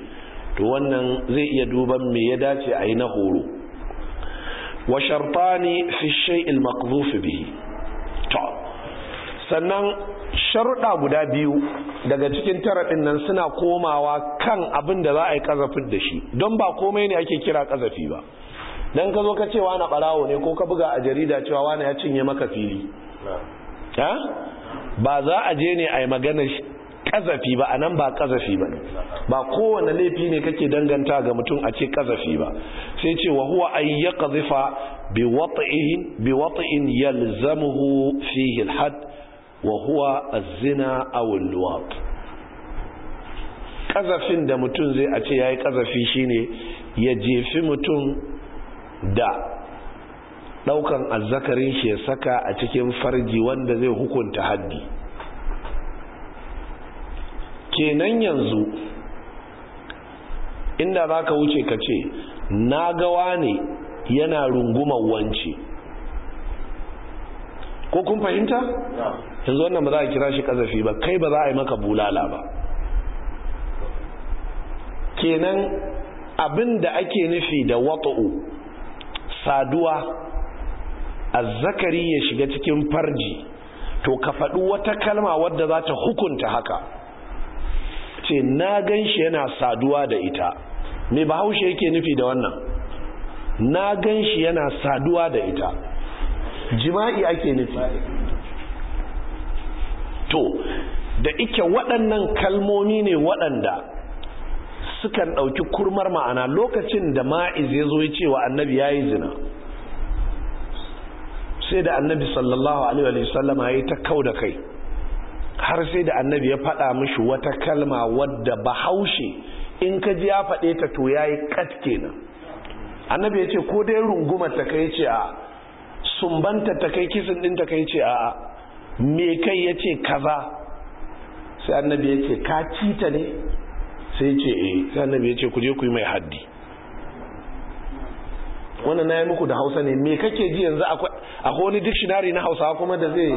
to wannan zai iya duban me ya dace a yi na horo wa shartani fi shay'il maqdhuf bihi to sannan sharuɗa guda biyu daga cikin taraɗin nan suna komawa kan abin da za a yi ƙazafin da shi don ba komai ne ake kira ƙazafi ba don ka zo ka ce wani ɓarawo ne ko ka buga a jarida cewa wani ya cinye maka fili eh? ba za a je ne a yi maganar kazafi ba anan ba kazafi ba ba kowane laifi ne kake danganta ga mutum a ce kazafi ba sai ce wa huwa ay yaqdhifa bi wat'ihi bi wat'in yalzamuhu fihi alhad wa huwa az-zina aw al-luwat kazafin da mutum zai a ce yayi kazafi shine ya jefi mutum da daukan azzakarin shi ya saka a cikin farji wanda zai hukunta haddi kenan yanzu inda za ka wuce ka ce na gawa ne yana rungumar wanci ko kun fahimta? yanzu wannan ba za a kira shi kazafi ba kai ba za a yi maka bulala ba kenan abin da ake nufi da wata'u saduwa a Zakari ya shiga cikin farji to ka faɗi wata kalma wadda za ta hukunta haka ce na gan shi yana saduwa da ita mai bahaushe yake nufi da wannan na gan shi yana saduwa da ita jima'i ake nufi to da ike waɗannan kalmomi ne waɗanda sukan ɗauki kurmar ma'ana lokacin da ma'iz ya zo ya ce annabi ya yi zina sai da annabi sallallahu alaihi wasallama ya yi ta kau da kai har sai da annabi ya faɗa mishi wata kalma wadda bahaushe in ka ji ya faɗe ta to yayi kat kenan annabi ya ce ko dai runguma ta kai ce a sumbanta ta kai kisin din ta kai ce a me kai ya ce kaza sai annabi ya ce ka cita ne sai ce eh sai annabi ya ce ku je ku yi mai haddi wannan na yi muku da hausa ne me kake ji yanzu akwai wani dictionary na hausa kuma da zai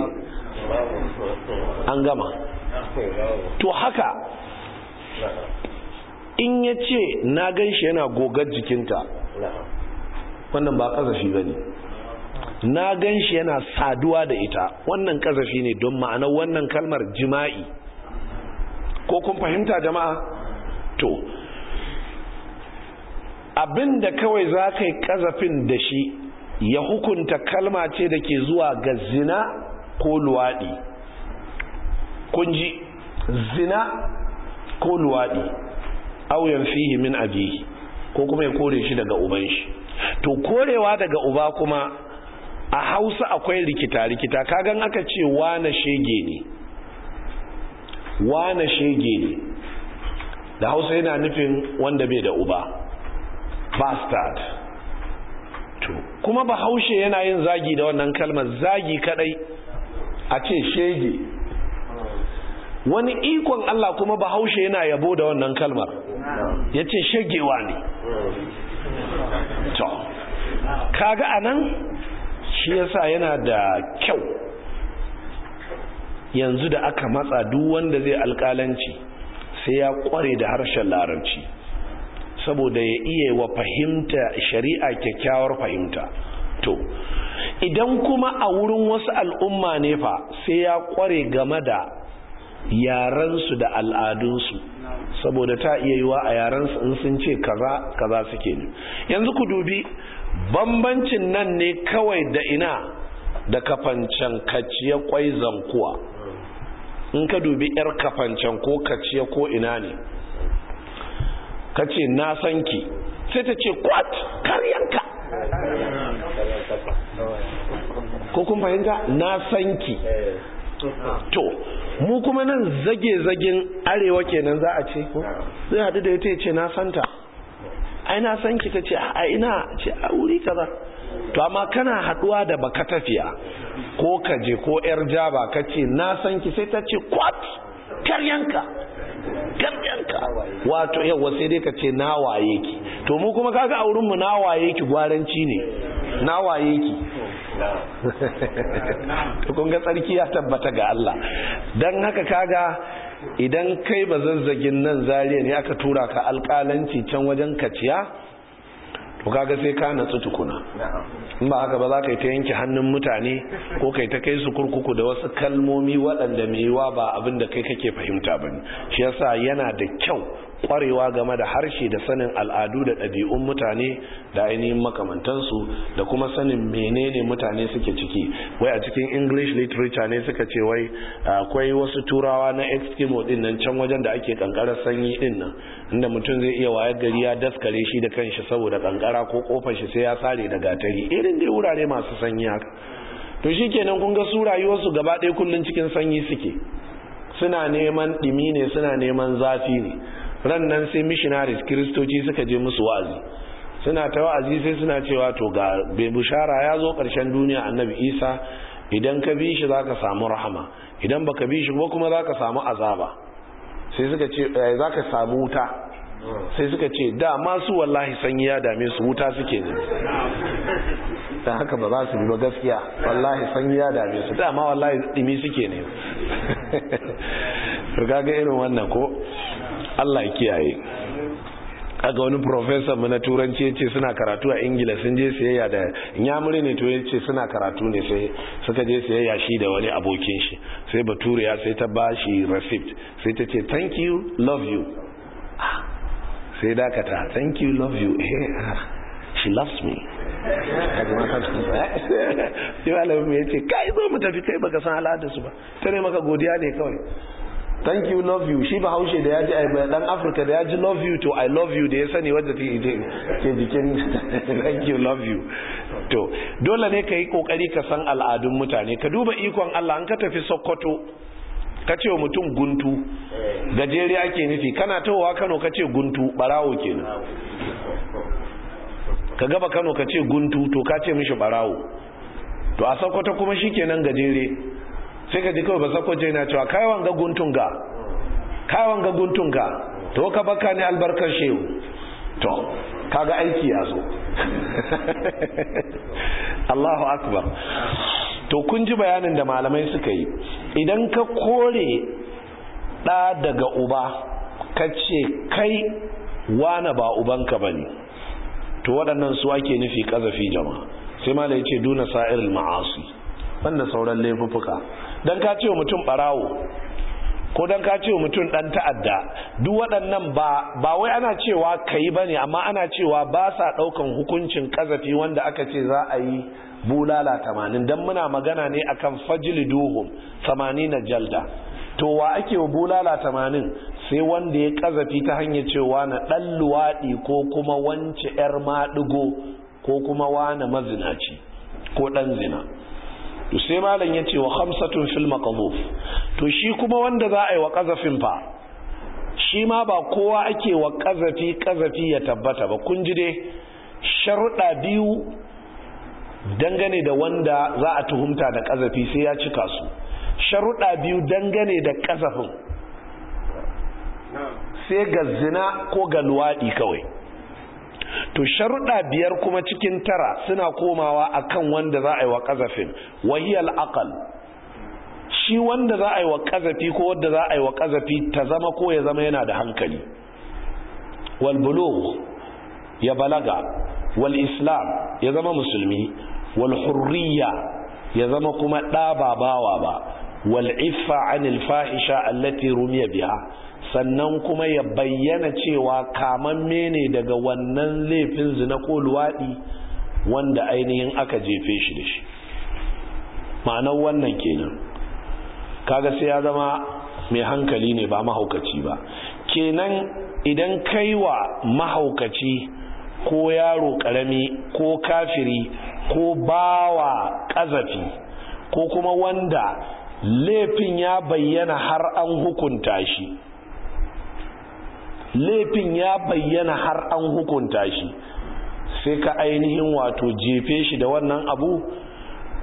an gama to haka
in ya ce na gan shi yana gogar jikinta wannan ba kazafi ba ne na gan shi yana saduwa da ita wannan kazafi ne don ma'anar wannan kalmar jima'i ko kun fahimta jama'a to abinda kawai za ka yi kazafin da shi ya hukunta kalma ce da ke zuwa ga zina ko luwaɗi kunji zina ko luwaɗi auyan fihi min abihi ko kuma ya kore shi daga uban shi to korewa daga uba kuma a hausa akwai rikita-rikita kagan aka ce wane shege ne wane shege ne da hausa yana nufin wanda bai da uba bastard to kuma bahaushe yana yin zagi da wannan kalmar zagi kadai a ce shege wani ikon Allah kuma bahaushe yana yabo da wannan kalmar ya ce shegewa ne to kaga anan shi yasa yana da kyau yanzu da aka matsa duk wanda zai alƙalanci sai ya kware da harshen larabci saboda ya iya wa fahimta shari'a kyakkyawar fahimta to idan kuma a wurin wasu al'umma ne fa sai ya kware game da yarensu da al'adunsu saboda ta iya yiwa a yarensu in sun ce kaza kaza suke ne yanzu ku dubi bambancin nan ne kawai da ina da kafancan kaciye kwai zankuwa in ka dubi yar kafancan ko kaciya ko ina ne ka ce na san ki sai ta ce kwat karyanka ko kun fahimta na san ki to mu kuma nan zage-zagen arewa kenan za a ce zai haɗu da ita ya ce na santa ai na san ki ta ce a ina ce a wuri kaza to amma kana haɗuwa da baka tafiya ko kaje ko yar jaba ka ce na san ki sai ta ce kwat karyanka wato yawa sai dai ka ce na waye ki to mu kuma kaga a wurinmu na waye ki gwaranci ne na waye ki kun ga tsarki ya tabbata ga Allah dan haka kaga idan kai ba zazzagin nan zariya ne aka tura ka alƙalanci can wajen kaciya to kaga sai ka natsu tukuna in ba haka ba za ka yi ta yanke hannun mutane ko kai ta kai su kurkuku da wasu kalmomi waɗanda mai yiwa ba abinda da kai kake fahimta ba shi yasa yana da kyau kwarewa game da harshe da sanin al'adu da ɗabi'un mutane da ainihin makamantansu da kuma sanin menene mutane suke ciki wai a cikin english literature ne suka ce wai akwai wasu turawa na eskimo din nan can wajen da ake kankarar sanyi din nan inda mutum zai iya wayar gari ya daskare shi da kanshi saboda kankara ko kofar shi sai ya sare da gatari irin dai wurare masu sanyi haka to shikenan kun ga su rayuwarsu gaba ɗaya kullun cikin sanyi suke suna neman ɗimi ne suna neman zafi ne ran nan sai missionaries kiristoci suka je musu wa'azi suna ta wa'azi sai suna cewa to ga bai bushara ya zo ƙarshen duniya annabi isa idan ka bi shi zaka samu rahama idan baka bi shi ba kuma zaka samu azaba sai suka ce eh, zaka samu wuta sai suka ce da masu wallahi sanyi ya dame su wuta suke ne dan haka ba za su bi ba gaskiya wallahi sanyi ya dame su da ma wallahi dimi suke ne riga ga irin wannan ko Allah ya kiyaye aga wani professor mu na turanci yace suna karatu a ingila sun je siyayya da nyamuri ne to yace suna karatu ne sai suka je siyayya shi da wani abokin shi sai bature ya sai ta bashi receipt sai ta ce thank you love you sai dakata thank you love you eh, ah, she loves me sai malamin ya ce kai zo mu tafi kai baka san al'adarsu ba ta ne maka godiya ne kawai thank you love you shi bahaushe da ya ji ai dan afirka da ya ji love you to i love you da ya sani wadda ke jikin thank you love you to dole ne ka yi kokari ka san al'adun mutane ka duba ikon Allah an ka tafi Sokoto ka ce mutum guntu gajere ake nufi kana tawowa Kano ka ce guntu barawo kenan ka gaba Kano ka ce guntu to ka ce mishi barawo to a Sokoto kuma shikenan gajere sai ka ji kawai ba sako yana cewa kawan ga guntunga kawan ga guntunga to ka baka ne albarkar shehu to kaga aiki ya zo Allahu akbar to kun ji bayanin da malamai suka yi idan ka kore ɗa daga uba ka ce kai wane ba ubanka ba ne to waɗannan su ake nufi ƙazafi jama'a sai malai ce duna sa'ir ma'asi banda sauran laifuka dan ka ce mutum barawo ko dan ka ce mutum dan ta'adda duk waɗannan ba ba wai ana cewa kai bane amma ana cewa ba sa ɗaukan hukuncin kazafi wanda aka ce za a yi bulala tamanin dan muna magana ne akan fajliduhum na jalda to wa ake wa bulala tamanin sai wanda ya kazafi ta hanyar cewa na ɗan luwaɗi ko kuma wance 'yar maɗigo ko kuma wane mazinaci ko ɗan zina to sai malam ya ce wa khamsatun fil maqdhuf to shi kuma wanda za a yi wa qazafin fa shi ma ba kowa ake wa qazafi qazafi ya tabbata ba kun ji dai sharuɗa biyu dangane da wanda za a tuhumta da qazafi sai ya cika su sharuɗa biyu dangane da qazafin sai ga zina ko ga luwaɗi kawai to sharuɗa biyar kuma cikin tara suna komawa akan wanda za a yi wa ƙazafin wahiyar aqal shi wanda za a yi wa ƙazafi ko wanda za a yi wa ƙazafi ta zama ko ya zama yana da hankali wal bulugh ya balaga wal islam ya zama musulmi wal hurriya ya zama kuma ɗa ba bawa ba wal iffa anil fahisha allati rumiya biha sannan kuma ya bayyana cewa kamamme ne daga wannan laifin zina ko luwaɗi wanda ainihin aka jefe shi da shi ma'anar wannan kenan kaga sai ya zama mai hankali ne ba mahaukaci ba kenan idan kaiwa mahaukaci ko yaro karami ko kafiri ko bawa ƙazafi ko kuma wanda laifin ya bayyana har an hukunta shi laifin ya bayyana har an hukunta shi sai ka ainihin wato jefe shi da wannan abu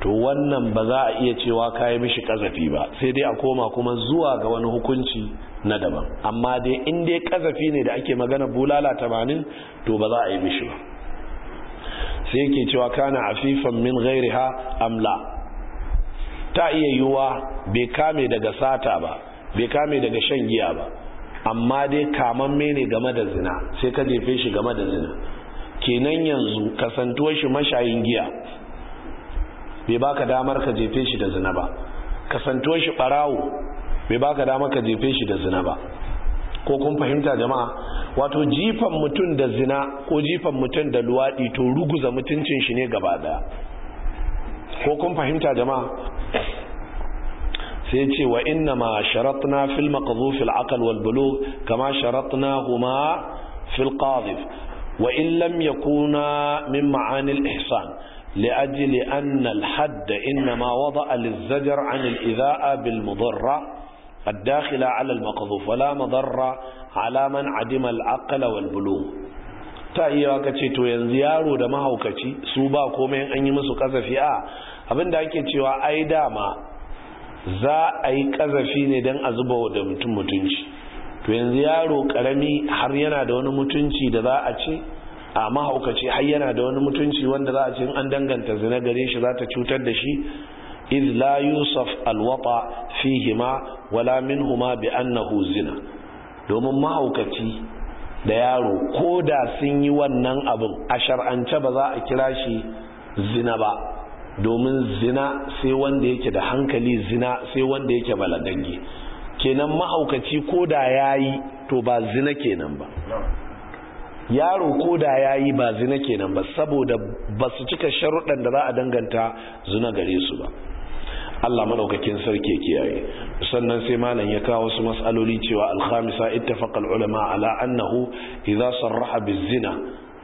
to wannan ba za a iya cewa kayi mishi kazafi ba sai dai a koma kuma zuwa ga wani hukunci na daban amma dai in dai kazafi ne da ake magana bulala tamanin to ba za a yi mishi ba sai ke cewa kana afifan min gairi ha amla ta iya yiwuwa bai kame daga sata ba bai kame daga shan giya ba amma dai kaman mene game da zina sai ka jefe shi game da zina kenan yanzu kasantuwar shi mashayin giya bai baka damar ka jefe shi da zina ba kasantuwar shi barawo bai baka damar ka jefe shi da zina ba ko kun fahimta jama'a wato jifan mutum da zina ko jifan mutum da luwaɗi to ruguza mutuncin shi ne gaba daya ko kun fahimta jama'a sai ce wa inna ma sharatna fil maqdhuf al aql wal bulugh kama sharatna huma fil qadhif wa in lam yakuna min ma'ani al ihsan li ajli an an al hadd inna ma zajr al idha'a bil mudarra al dakhila ala al maqdhuf wa la المقذوف ala man adima al aql wal bulugh ta iya kace to yanzu yaro da mahaukaci su ba komai an yi musu kasafi a abinda ake cewa ai dama za a yi kazafi ne don a zuba da mutum mutunci to yanzu yaro karami har yana da wani mutunci da za a ce a mahaukaci har yana da wani mutunci wanda za a ce an danganta zina gare shi za ta cutar da shi iz la yusuf alwata fihima wala minhuma bi annahu zina domin mahaukaci da yaro ko da sun yi wannan abin a shar'ance ba za a kira shi zina ba domin zina sai wanda yake da hankali zina sai wanda yake baladange kenan mahaukaci ko da yayi to ba zina kenan ba yaro ko da yayi ba zina kenan ba saboda ba su cika sharuɗan da za a danganta zina gare su ba Allah madaukakin sarki kiyaye sannan sai malam ya kawo su mas'aloli cewa al-khamisa ittafaqa al-ulama ala annahu idza sarraha bizina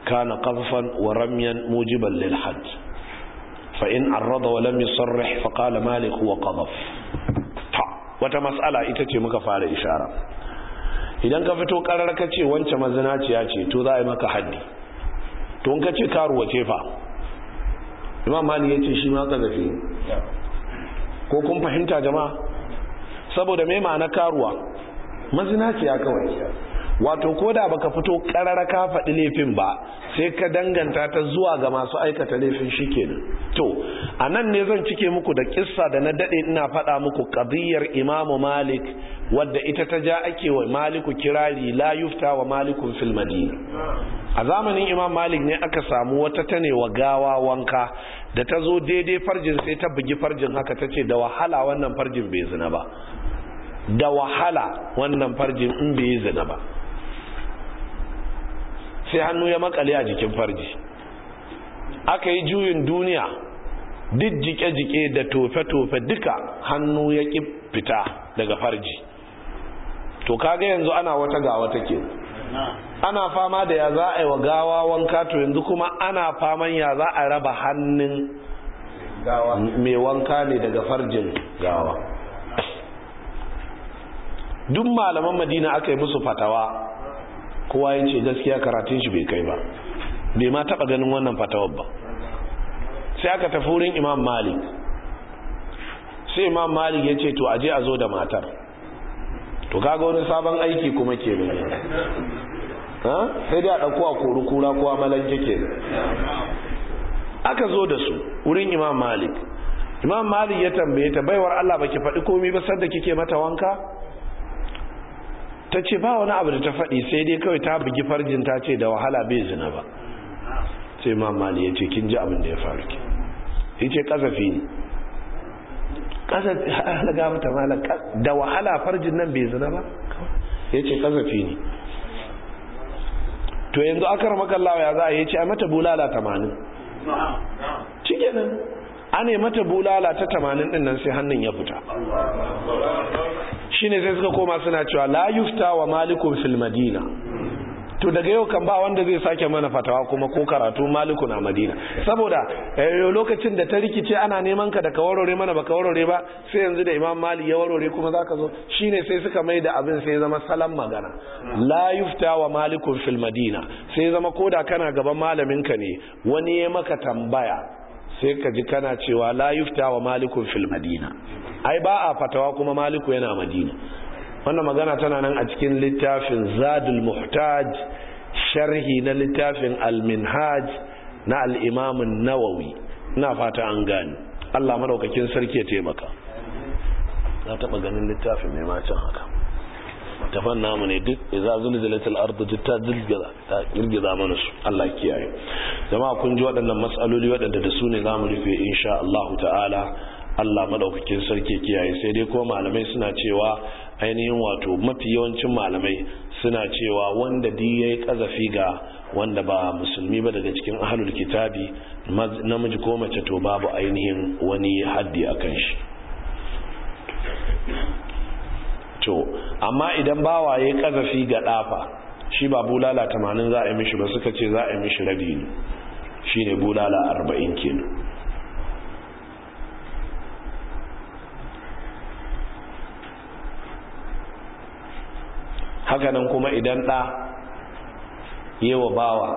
kana qadfan wa ramyan mujiban lil hajj fa'in arrada wa lam yusarrih fa malik wa wata mas'ala ita ce muka fara ishara idan ka fito karar ka ce wance mazinaciya ce to za a yi maka haddi to in ka ce karuwa ce fa imam mali ya ce shi ma zafi ko kun fahimta jama'a saboda mai ma'ana karuwa mazinaciya kawai wato ko da baka fito karara ka faɗi laifin ba sai ka danganta ta zuwa ga masu aikata laifin shikenan to a nan ne zan cike muku da kissa da na daɗe ina faɗa muku qadiyar imamu malik wadda ita ta ja ake wa maliku kirari la yufta wa malikun fil madina a zamanin imam malik ne aka samu wata tane wa gawa wanka da ta zo daidai farjin sai ta bugi farjin haka ta ce da wahala wannan farjin bai zina ba da wahala wannan farjin in bai zina ba sai hannu ya makale a jikin farji aka yi juyin duniya duk jike-jike da tofe-tofe duka hannu ya ƙi fita daga farji to kaga yanzu ana wata gawa take. ana fama da ya za a yi wa gawa wanka to yanzu kuma ana faman ya za a raba hannun mai wanka ne daga farjin gawa duk malaman madina aka yi musu fatawa kowa ya ce gaskiya karatun shi bai kai ba bai ma taɓa ganin wannan fatawar ba sai aka tafi wurin imam malik sai imam malik ya ce to aje a zo da matar to kaga wani sabon aiki kuma ke ne sai dai a ɗauko a kori kura kuwa malanke ke aka zo da su wurin imam malik imam malik ya tambaye ta baiwar allah ba ki faɗi komi ba sanda kike mata wanka ta ce ba wani abu da ta faɗi sai dai kawai ta bugi farjin ta ce da wahala bai zina ba sai mamali ya ce kin ji abin da ya faru ki ya ce kasafi ne da wahala farjin nan bai zina ba ya ce kasafi ne to yanzu akar makallawa ya za a yi ce a mata bulala tamanin cike nan a ne mata bulala ta tamanin ɗin nan sai hannun ya fita shine sai suka koma suna cewa la yufta wa malikun fil to daga yau kan ba wanda zai sake mana fatawa kuma ko karatu malikun a madina saboda eh, lokacin da ta rikice ana neman ka da ka warware mana baka warware ba sai yanzu da imam mali ya warware kuma zaka zo shine sai suka mai da abin sai zama salam magana la yufta wa malikun fil sai zama ko da kana gaban malamin ka ne wani ya maka tambaya sai ka ji kana cewa la wa malikun fil madina ai ba a fatawa kuma maliku yana madina wannan magana tana nan a cikin littafin zadul muhtaj sharhi na littafin al-minhaj na al-imam nawawi ina fata an gani Allah madaukakin sarki ya taimaka ta taba ganin littafin mai macin haka tafan namu ne duk idza zulzilatil ardu jitta ta girgiza mana su Allah kiyaye jama'a kun ji waɗannan matsaloli waɗanda da su ne za mu rufe insha Allah ta'ala Allah madaukakin sarki kiyaye sai dai ko malamai suna cewa ainihin wato mafi yawancin malamai suna cewa wanda di yayi kazafi ga wanda ba musulmi ba daga cikin ahlul kitabi namiji ko mace to babu ainihin wani haddi a kan shi to amma idan bawa ya kazafi ga dafa shi ba bulala tamanin za a yi mishi ba suka ce za a yi mishi rabi ne shi ne bulala arba'in kenan hakanan kuma idan ɗa yewa bawa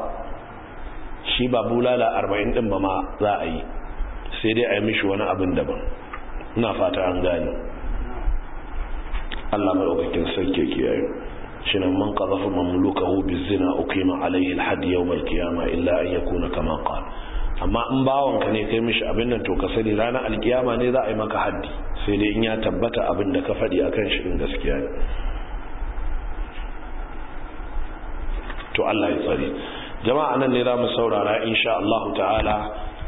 shi ba bulala arba'in ɗin ba ma za a yi sai dai a yi mishi wani abin daban ina fata an gani Allah madaukakin sarki kiyaye nan man qadhafa mamlukahu bizina uqima alayhi alhad yawm alqiyama illa an yakuna kama qala amma in bawon ka ne kai mishi abin nan to ka sani ranar alkiyama ne za a yi maka haddi sai dai in ya tabbata abin da ka faɗi akan shi in gaskiya ne to Allah ya tsare jama'a nan ne za mu saurara insha Allah ta'ala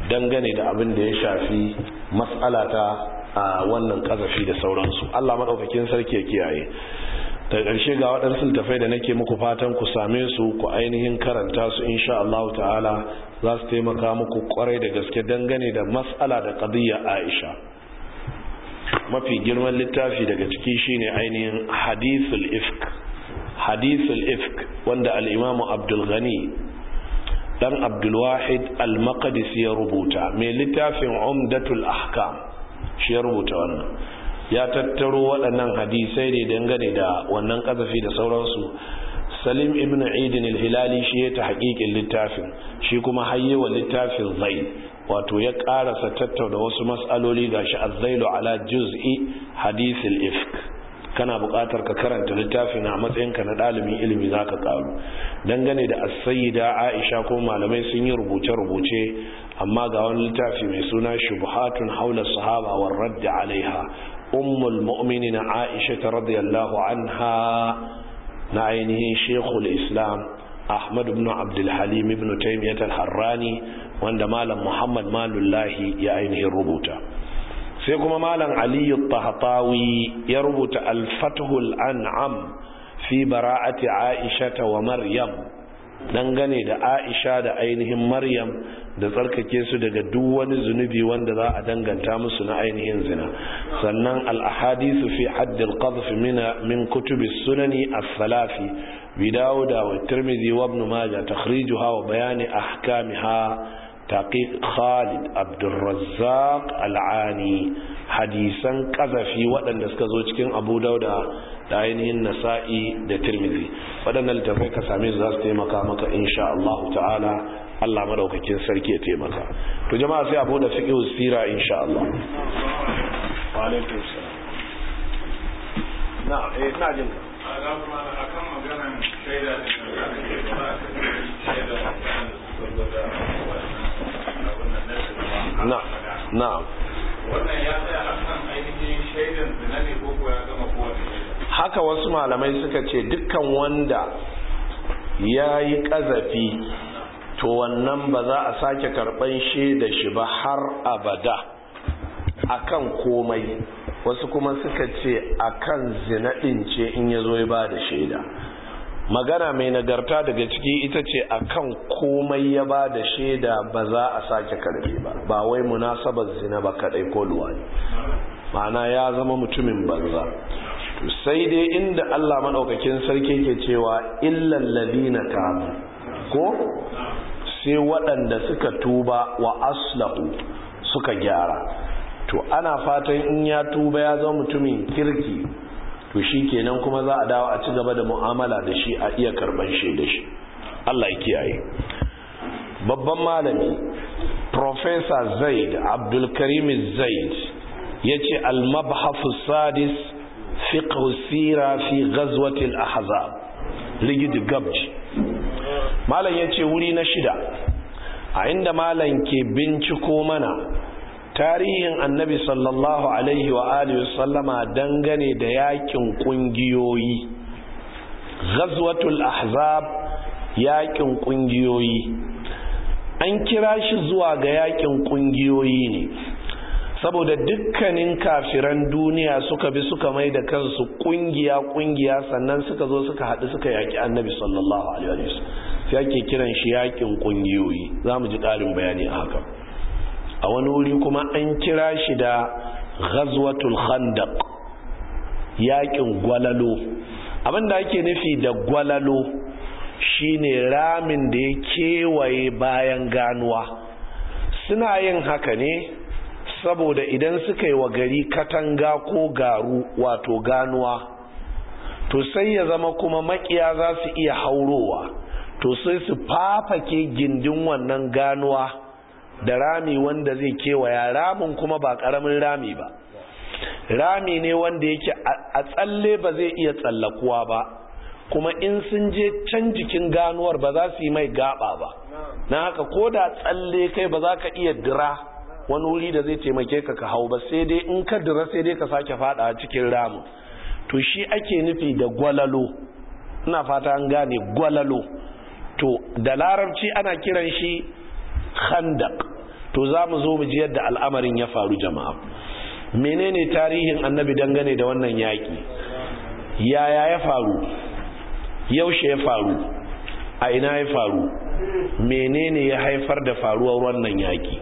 dangane da abin da ya shafi matsala ta a wannan kazafi da sauransu Allah maɗaukakin sarki ya kiyaye da ƙarshe ga waɗansu tafai da nake muku fatan ku same su ku ainihin karanta su insha Allah ta'ala za su taimaka muku kwarai da gaske dangane da matsala da ƙadiyya Aisha mafi girman littafi daga ciki shine ainihin hadithul ifk hadithul ifk wanda al-Imam Abdul Ghani dan abdulwahid al-maqdis ya rubuta mai littafin umdatul ahkam shi ya rubuta wannan ya tattaro waɗannan hadisai ne dangane da wannan ƙazafi da sauransu salim ibn idin al-hilali shi ya ta haƙiƙin littafin shi kuma hayyewa littafin zai wato ya ƙarasa tattauna wasu matsaloli gashi azzailu ala juz'i hadisil ifk kana buƙatar ka karanta littafin a matsayinka na ɗalibin ilimi za ka ƙaru dangane da asayida aisha ko malamai sun yi rubuce-rubuce amma ga wani littafi mai suna shubhatun haula sahaba wa radda alaiha ummul mu'minina aisha ta radiyallahu anha na ainihin shekul islam ahmad ibn abdul halim ibn taymiyyah al-harrani wanda malam muhammad malullahi ya ainihin rubuta sai kuma malam aliyu tahatawi ya rubuta alfathul an'am fi bara'ati aisha wa maryam dangane da aisha da ainihin maryam da tsarkake su daga duk wani zunubi wanda za a danganta musu na ainihin zina sannan al'ahadisu fi haddil qadhf min min kutubi sunani as-salafi bi dawuda wa tirmidhi wa ibn majah takhrijuha wa bayani ahkamiha taqiq Khalid Abdurrazzaq Al'ani hadisan kazafi waɗanda suka zo cikin Abu Dauda da ainihin Nasa'i da Tirmidhi waɗannan littafai ka same su za su taimaka maka insha Allah ta'ala Allah madaukakin sarki ya taimaka to jama'a sai abu da fiqh sira insha Allah wa alaikum salam na eh na jin
akan shaida da shaida
haka wasu malamai suka ce dukkan wanda ya yi ƙazafi to wannan ba za a sake karɓan shaida shi ba har abada akan komai wasu kuma suka ce akan zina ɗin ce in ya zo ya ba da shaida magana mai nagarta daga ciki ita ce a kan komai ya ba da shaida ba za a sake karbe ba ba wai munasabar zina ba kadai ko luwani ma'ana ya zama mutumin banza sai dai inda Allah maɗaukakin sarki ke cewa illal na kamu ko sai waɗanda suka tuba wa aslahu suka gyara to ana fatan in ya tuba ya zama mutumin kirki to shi kenan kuma za a dawo a ci gaba da mu'amala da shi a iya karban shi da shi Allah ya kiyaye babban malami professor zaid abdulkarim zaid ya ce almabhafu sadis fiqhu sira fi al ahzab ligid gabj malam ya ce wuri na shida a inda malam ke binciko mana tarihin annabi sallallahu alaihi wa alihi sallama dangane da yakin kungiyoyi ghazwatul ahzab yakin kungiyoyi an kira shi zuwa ga yakin kungiyoyi ne saboda dukkanin kafiran duniya suka bi suka mai da kansu kungiya kungiya sannan suka zo suka haɗu suka yaki annabi sallallahu alaihi wa sallam sai ake kiran shi yakin kungiyoyi za mu ji ƙarin bayani a haka a wani wuri kuma an kira shi da ghazwatul khandaq yakin gwalalo abinda ake nufi da gwalalo shine ramin da ya kewaye bayan ganuwa suna yin haka ne saboda idan suka yi wa gari katanga ko garu wato ganuwa to sai ya zama kuma makiya za su iya haurowa to sai su fafake gindin wannan ganuwa da rami wanda zai kewaya ramin kuma ba karamin rami ba rami ne wanda yake a tsalle ba zai iya tsallakuwa ba kuma in sun je can jikin ganuwar ba za su yi mai gaba ba na haka ko da tsalle kai ba za ka iya dira wani wuri da zai taimake ka ka hau ba sai dai in ka dira sai dai ka sake fada cikin ramin to shi ake nufi da gwalalo ina fata an gane gwalalo to da larabci ana kiran shi khandak to za mu zo mu ji yadda al'amarin ya faru jama'a menene tarihin annabi dangane da wannan yaƙi yaya ya faru yaushe ya faru a ina ya faru menene ya haifar da faruwar wannan yaƙi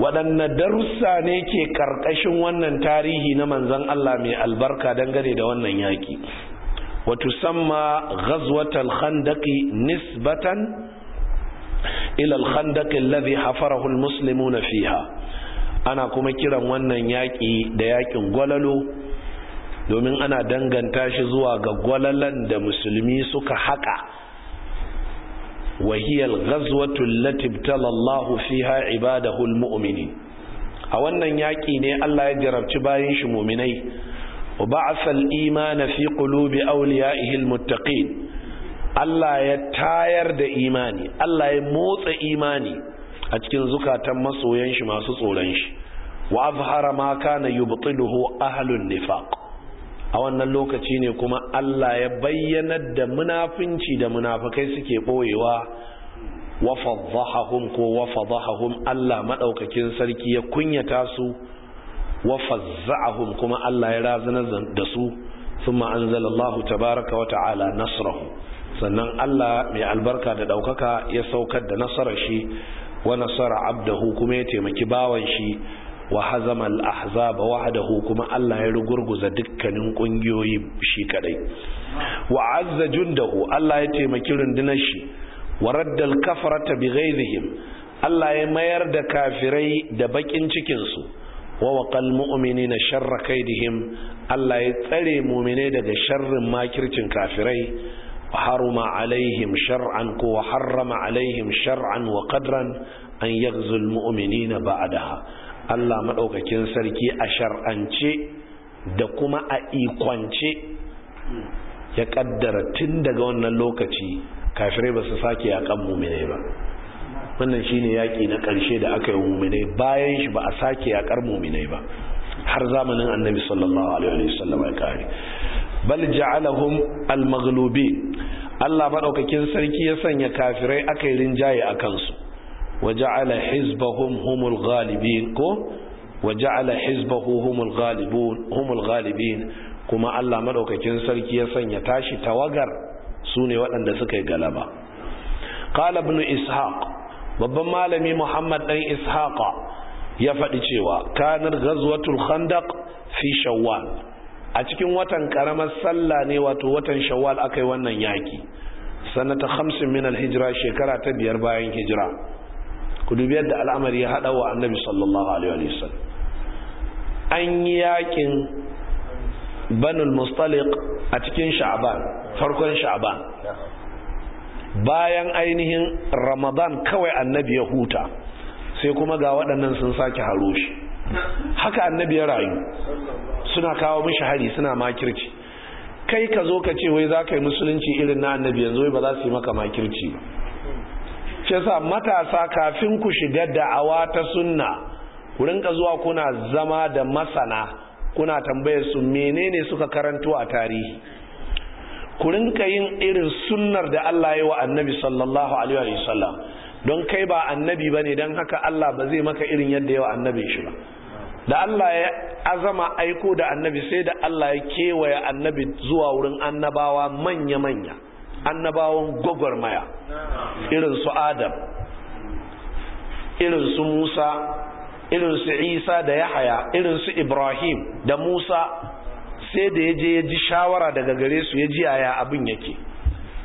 waɗanne darussa ne ke ƙarƙashin wannan tarihi na manzan Allah mai albarka dangane da wannan yaƙi wato samma ghazwatal khandaqi nisbatan ilal al-khandaq alladhi hafarahu al fiha ana kuma kiran wannan yaƙi da yaƙin gwalalo domin ana danganta shi zuwa ga gwalalan da musulmi suka haƙa wahiyar ta lallahu fiha ibadahul mu'mini a wannan yaƙi ne Allah ya jarabci bayan shi mu'minai wa ba'athal imana fi qulubi awliya'ihil muttaqin Allah ya tayar da imani Allah ya motsa imani a cikin zukatan masoyan shi masu tsoron shi wa azhara ma kana yubtiluhu ahlun nifaq a wannan lokaci ne kuma Allah ya bayyanar da munafinci da munafakai suke boyewa wa fadhahum ko wa fadhahum Allah madaukakin sarki ya kunyata su wa fazza'ahum kuma Allah ya razana da su thumma anzalallahu tabaraka wa ta'ala nasrahu sannan Allah mai albarka da ɗaukaka ya saukar da nasarar shi wa nasara abdahu kuma ya taimaki bawan shi wa hazama al-ahzaba wahdahu kuma Allah ya rugurguza dukkanin kungiyoyi shi kadai wa azza jundahu Allah ya taimaki rundunar shi wa radda al-kafarata bighayrihim Allah ya mayar da kafirai da bakin cikin su wa waqal mu'minina sharra kaidihim Allah ya tsare mu'mine daga sharrin makircin kafirai harma alaihim shar'an ko harrama alaihim shar'an wa qadran an yaghzul mu'minina ba'daha Allah madaukakin sarki a shar'ance da kuma a ikonce ya kaddara tun daga wannan lokaci kafirai ba su sake yakan muminai ba wannan shine yaki na karshe da aka yi muminai bayan shi ba a sake yakar muminai ba har zamanin annabi sallallahu alaihi wasallam ya kare bal ja'alahum al-maghlubi Allah madaukakin sarki ya sanya kafirai aka yi rinjaye a kansu wa ja'ala hizbahum humul ghalibin ko wa ja'ala hizbahu humul ghalibun humul ghalibin kuma Allah madaukakin sarki ya sanya tashi tawagar sune waɗanda suka yi galaba qala ibn ishaq babban malami muhammad dan ishaqa ya faɗi cewa kanar ghazwatul khandaq fi shawwal a cikin watan karamar sallah ne wato watan shawwal aka yi wannan yaki sanata hamsin min alhijira shekara ta biyar bayan hijira ku dubi yadda al'amari ya haɗa wa annabi sallallahu alaihi wa sallam an yi yakin banul mustaliq a cikin sha'aban farkon sha'aban bayan ainihin ramadan kawai annabi ya huta sai kuma ga waɗannan sun sake haro shi haka annabi ya rayu suna kawo mishi hari suna makirci kai ka zo ka ce wai za ka yi musulunci irin na annabi yanzu wai ba za su yi maka makirci ba ce sa matasa kafin ku shiga da'awa ta sunna ku ka zuwa kuna zama da masana kuna tambayar su menene suka karanto a tarihi ku rinka yin irin sunnar da Allah ya wa annabi sallallahu alaihi wa sallam don kai ba annabi ba ne don haka Allah ba zai maka irin yadda ya wa annabi shi ba da Allah ya azama aiko da annabi sai da Allah ya kewaya annabi zuwa wurin annabawa manya-manya annabawan gwagwarmaya irin su adam irin su musa irin su isa da yahaya irin su ibrahim da musa sai da ya je ya ji shawara daga gare su ya ji yaya abin yake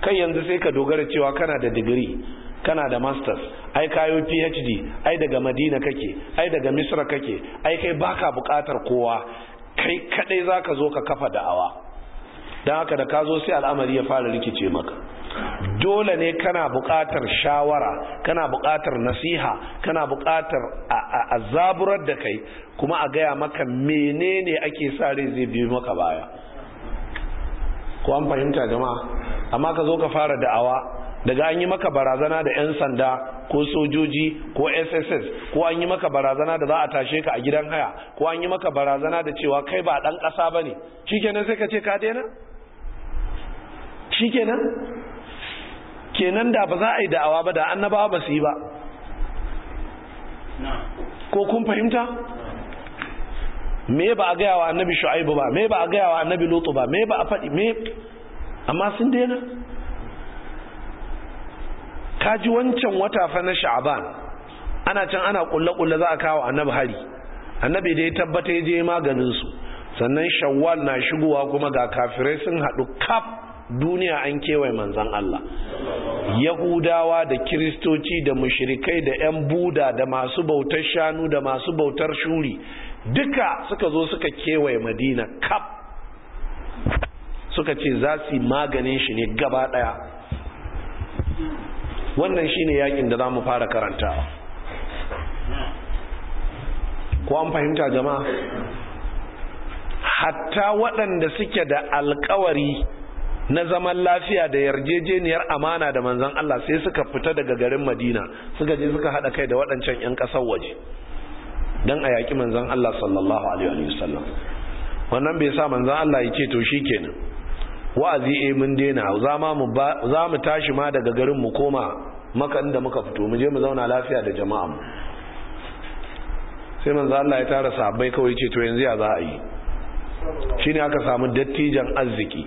Kan yanzu sai ka dogara cewa kana da digiri kana da masters ai kayo phd ai daga madina kake ai daga misra kake ai kai baka bukatar kowa kai kadai zaka zo ka kafa da'awa don haka da ka zo sai al'amari ya fara rikice maka dole ne kana buƙatar shawara kana buƙatar nasiha kana buƙatar a zaburar da kai kuma a gaya maka menene ake sa rai zai biyo maka baya ko an fahimta jama'a amma ka zo ka fara da'awa daga an yi maka barazana da 'yan sanda ko sojoji ko sss ko an yi maka barazana da za a tashe ka a gidan haya ko an yi maka barazana da cewa kai ba dan ƙasa ba ne shikenan sai ka ce ka daina shikenan kenan da ba za a yi da'awa ba da annabawa ba su yi ba ko kun fahimta me ba a gaya wa annabi shu'aibu ba me ba a gaya wa annabi lutu ba me ba a faɗi me amma sun daina kaji wancan wata fa na sha'ban ana can ana kulle kulle za a kawo annabi hari annabi da ya tabbata ya je maganin su sannan shawwal na shigowa kuma ga kafirai sun haɗu kaf duniya an kewaye manzan Allah yahudawa da kiristoci da mushrikai da 'yan buda da masu bautar shanu da masu bautar shuri duka suka zo suka kewaye madina kaf suka ce za su maganin shi ne gaba daya wannan shi ne yakin da za mu fara karanta, ko an fahimta jama'a hatta waɗanda suke da alkawari na zaman lafiya da yarjejeniyar amana da manzan Allah sai suka fita daga garin Madina suka je suka haɗa kai da waɗancan 'yan ƙasar waje don a yaƙi manzan Allah sallallahu alaihi wasallam wannan bai sa manzan Allah ya ce to shi kenan wa'azi eh mun daina za mu tashi ma daga garin mu koma maka inda muka fito mu je mu zauna lafiya da jama'a mu sai manzan Allah ya tara sahabbai kawai ce to yanzu ya za a yi shine aka samu dattijan arziki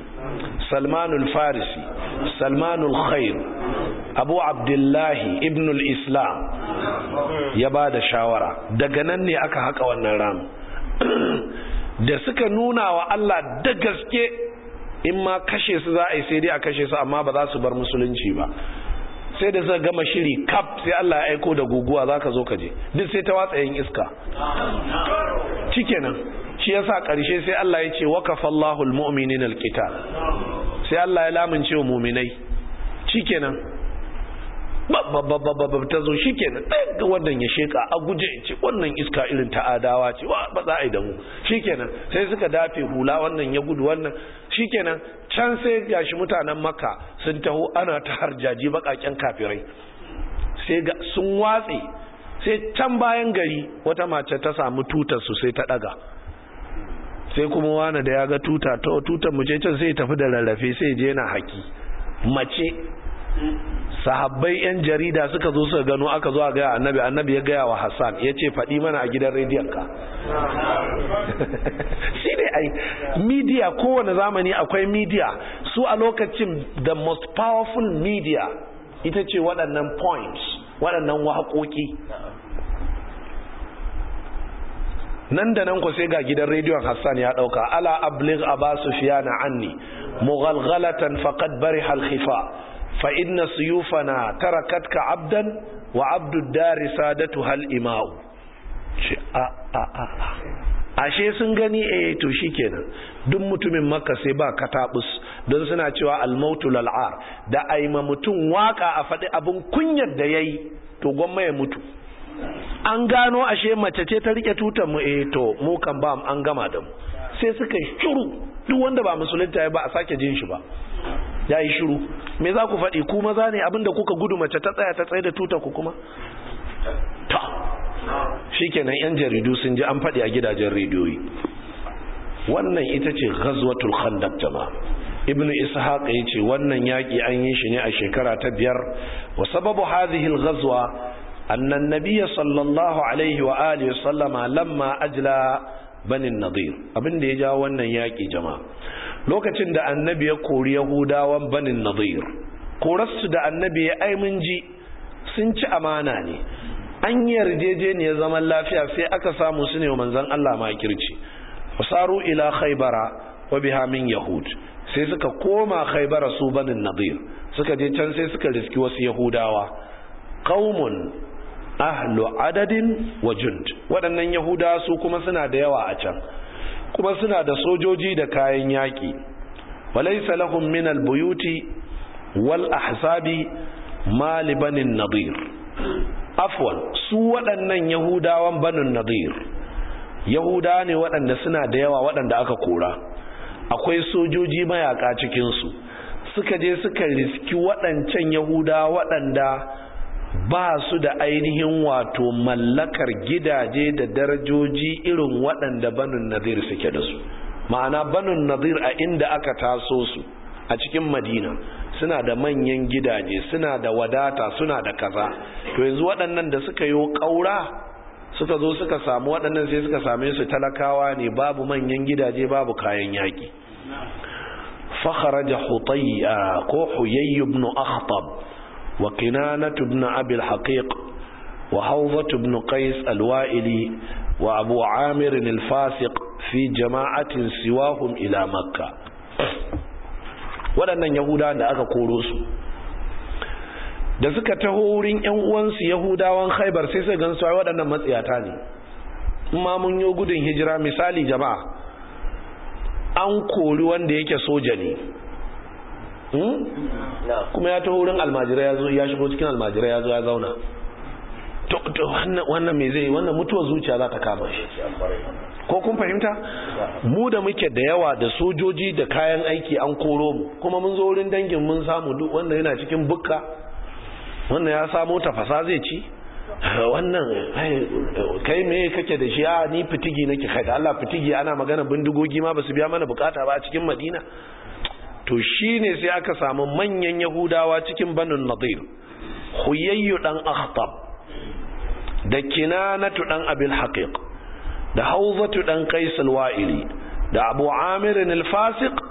salmanul farisi salmanul khair abu abdullahi ibnul islam ya ba da shawara daga nan ne aka haka wannan ramu da suka nuna wa Allah da gaske in ma kashe su za a yi sai dai a kashe su amma ba za su bar musulunci ba sai da suka gama shiri kap sai Allah ya aiko da guguwa za ka zo ka je duk sai ta watsa yin iska cikenan shi yasa ƙarshe sai Allah ya ce wakafallahu al-qital sai Allah ya lamince wa mu'minai cikenan ta zo shi kenan ɗayan ga wannan ya sheka a guje ce wannan iska irin ta adawa ce wa ba za a yi da mu shi kenan sai suka dafe hula wannan ya gudu wannan shi kenan can sai gashi mutanen maka sun taho ana ta harjaji baƙaƙen kafirai sai ga sun watse sai can bayan gari wata mace ta samu tutar su sai ta ɗaga sai kuma wani da ya ga tuta to tutar mu can sai tafi da rarrafe sai je na haki mace sahabbai yan jarida suka zo suka gano aka zo a gaya annabi annabi ya gaya wa hassan ya ce faɗi mana a gidan rediyon ka shi ne ai media kowane zamani akwai midiya su a lokacin the most powerful media ita ce waɗannan points waɗannan waƙoƙi nan da nan ku sai ga gidan rediyon Hassan ya ɗauka ala abligh aba na anni mughalghalatan faqad bari halhifa fa inna suyufana tarakatka abdan wa abdud dari sadatu hal imau ashe sun gani e to kenan, duk mutumin makka sai ba katabus don suna cewa almautu lal'ar da aima mutum waka a faɗi abin kunyar da yayi to gwamma ya mutu an gano ashe mace ce ta rike tutar mu e to mu kan ba an gama da mu sai suka yi shiru duk wanda ba musulunta ya ba a sake jin shi ba ya yi shiru me za ku faɗi ku maza ne abinda kuka gudu mace ta tsaya ta tsaye da tuta ku kuma ta shikenan yan jaridu sun ji an faɗi a gidajen rediyoyi wannan ita ce ghazwatul khandaq jama'a ibn ishaq yace wannan yaki an yi shi ne a shekara ta biyar wa sababu hadhihi ghazwa anna an-nabiy sallallahu alaihi wa alihi sallama lamma ajla banin nadir abin da ya jawo wannan yaƙi jama'a lokacin da annabi ya kori yahudawan banin nadir korarsu da annabi ya aimunji sun ci amana ne an ne yarjejeniyar zaman lafiya sai aka samu su ne manzan Allah makirci wasaru ila khaybara wa biha min yahud sai suka koma khaybara su banin nadir suka je can sai suka riski wasu yahudawa qaumun ahlu adadin wa jund waɗannan yahuda su kuma suna da yawa a can kuma suna da sojoji da kayan yaƙi walaysa lahum min albuyuti wal ahsabi malibanin nadir afwan su waɗannan yahudawan banin nadir yahuda ne waɗanda suna da yawa waɗanda aka kora akwai sojoji mayaka cikinsu suka je suka riski waɗancan yahuda waɗanda ba su da ainihin wato mallakar gidaje da darajoji irin waɗanda banin nazir suke da su ma'ana banun nazir a inda aka taso su a cikin madina suna da manyan gidaje suna da wadata suna da kaza to yanzu waɗannan da suka yi ƙaura suka zo suka samu waɗannan sai suka same su talakawa ne babu manyan gidaje babu kayan yaƙi kharaja hutayya ko huyayyu ibn akhtab وقنانة بن أبي الحقيق وحوضة بن قيس الوائلي وأبو عامر الفاسق في جماعة سواهم إلى مكة waɗannan يهودا da aka korosu da suka taho wurin ‘yan uwansu yahudawan khaibar sai sai gansu ai waɗannan matsiyata ne Amma mun yi gudun hijira misali jama'a an kori wanda yake soja ne Hmm? kuma ya taho wurin almajirai ya zo ya shigo cikin almajirai ya zo ya zauna to wannan me zai wannan mutuwar zuciya za ta kama shi ko kun fahimta mu da muke da yawa da sojoji da kayan aiki an koro mu kuma mun zo wurin dangin mun samu duk wannan yana cikin bukka wannan ya samo tafasa zai ci wannan kai me kake da shi a ni fitigi nake kai da Allah fitigi ana magana bindigogi ma basu biya mana bukata ba a cikin Madina to shi ne sai aka samu manyan yahudawa cikin banin nadir huyayyu dan akhtab da kinanatu dan abil haqiq da hauzatu dan qais al-wa'ili da abu amir al-fasiq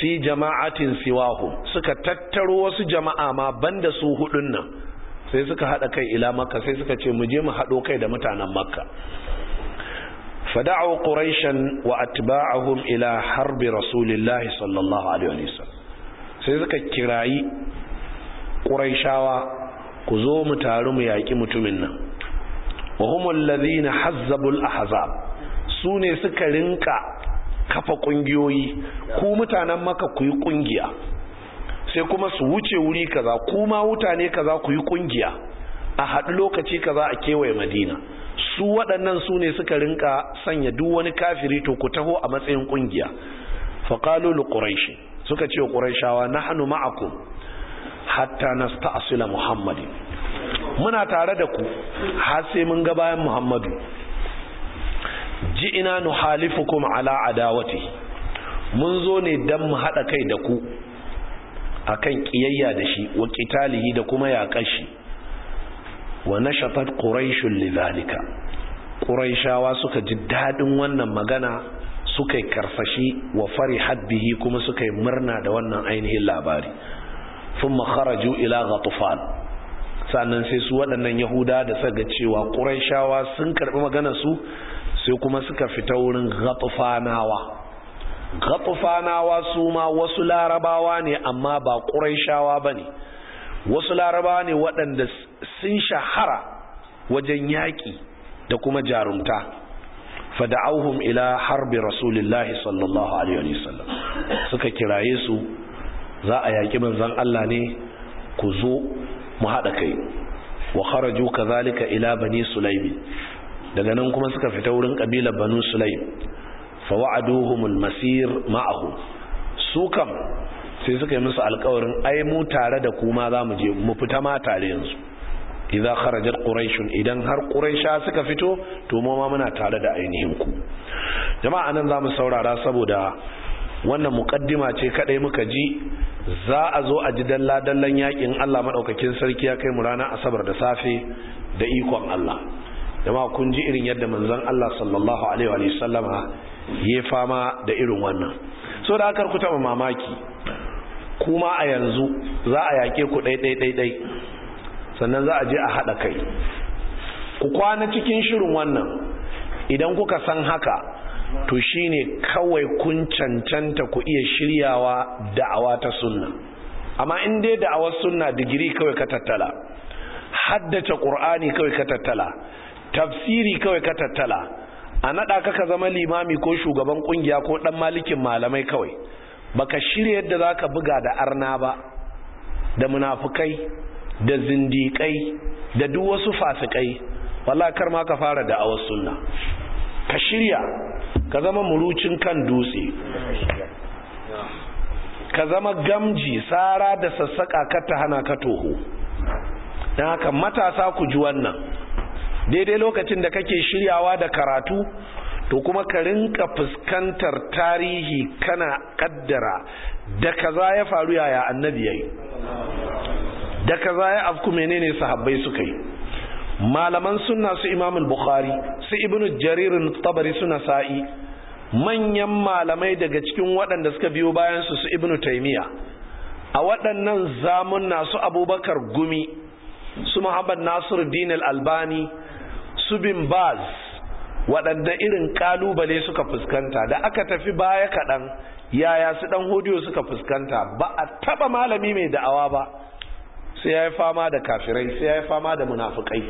fi jama'atin siwahu suka tattaro wasu jama'a ma banda su hudun nan sai suka hada kai ila makka sai suka ce mu je mu hado kai da mutanen makka فدعوا قريشا واتباعهم الى حرب رسول الله صلى الله عليه وسلم sai suka kirayi quraishawa ku zo mu taru mu yaki mutumin nan wa humul ladhina hazzabul ahzab su ne suka rinka kafa kungiyoyi ku mutanen maka ku yi kungiya sai kuma su wuce wuri kaza kuma mutane kaza ku yi kungiya a haɗu lokaci kaza a kewaye madina su waɗannan su ne suka rinka sanya duk wani kafiri to ku taho a matsayin ƙungiya faƙalu li quraish suka ce quraishawa nahnu ma'akum hatta nasta'sila muhammadi muna tare da ku har sai mun ga bayan muhammadu ji'ina nuhalifukum ala adawati mun zo ne dan mu hada kai da ku akan kiyayya da shi wa qitalihi da kuma yaqashi wa nashafat quraishul Lilalika quraishawa suka ji daɗin wannan magana suka yi karfashi wa fari bihi kuma suka yi murna da wannan ainihin labari thumma kharaju ila ghatfan sannan sai su waɗannan yahuda da saga cewa quraishawa sun karɓi maganar su sai kuma suka fita wurin ghatfanawa ghatfanawa su ma wasu larabawa ne amma ba quraishawa bane wasu laraba ne waɗanda sun shahara wajen yaƙi da kuma jarumta fada'auhum ila harbi rasulillahi sallallahu alaihi wasallam suka kiraye su za a yaƙi manzan Allah ne ku zo mu haɗa kai wa kharaju kadhalika ila bani sulaimi daga nan kuma suka fita wurin kabilar banu sulaim fa wa'aduhum al-masir ma'ahum su kam sai suka yi musu alkawarin ai mu tare da kuma za mu je mu fita ma tare yanzu idan kharajat quraish idan har quraisha suka fito to mu ma muna tare da ainihin ku jama'a nan zamu saurara saboda wannan muqaddima ce kadai muka ji za a zo a ji dalla dallan yakin Allah madaukakin sarki ya kai mu rana asabar da safe da ikon Allah jama'a kun ji irin yadda manzon Allah sallallahu alaihi wa sallama ya fama da irin wannan so da aka ku taba mamaki kuma a yanzu za a yaƙe ku ɗaiɗaiɗaiɗai sannan za a je a haɗa kai ku kwana cikin shirin wannan idan kuka san haka to shi ne kawai kun cancanta ku iya shiryawa da'awa ta sunna amma in dai da'awar sunna digiri kawai ka tattala haddace ƙur'ani kawai ka tattala tafsiri kawai ka tattala a naɗa kaka zama limami ko shugaban ƙungiya ko ɗan malikin malamai kawai baka shirya yadda za ka buga da arna ba da munafukai da zindiƙai da duk wasu fasikai wallahi kar ma ka fara da awar sunna ka shirya ka zama murucin kan dutse ka zama gamji tsara da sassaka ka ta hana ka toho don haka matasa ku ji wannan daidai lokacin da kake shiryawa da karatu to kuma ka rinka fuskantar tarihi kana kaddara da kaza ya faru yaya annabi yayi da kaza ya afku menene sahabbai suka yi malaman sunna su imamul bukhari su ibnu jarir tabari suna sa'i manyan malamai daga cikin waɗanda suka biyo bayan su su ibnu taymiya a waɗannan zamun nasu abubakar gumi su muhammad nasiruddin al-albani su bin baz waɗanda irin ƙalubale suka fuskanta da aka tafi baya kaɗan yaya su ɗan hudiyo suka fuskanta ba a taɓa malami mai da'awa ba sai ya yi fama da kafirai sai ya yi fama da munafukai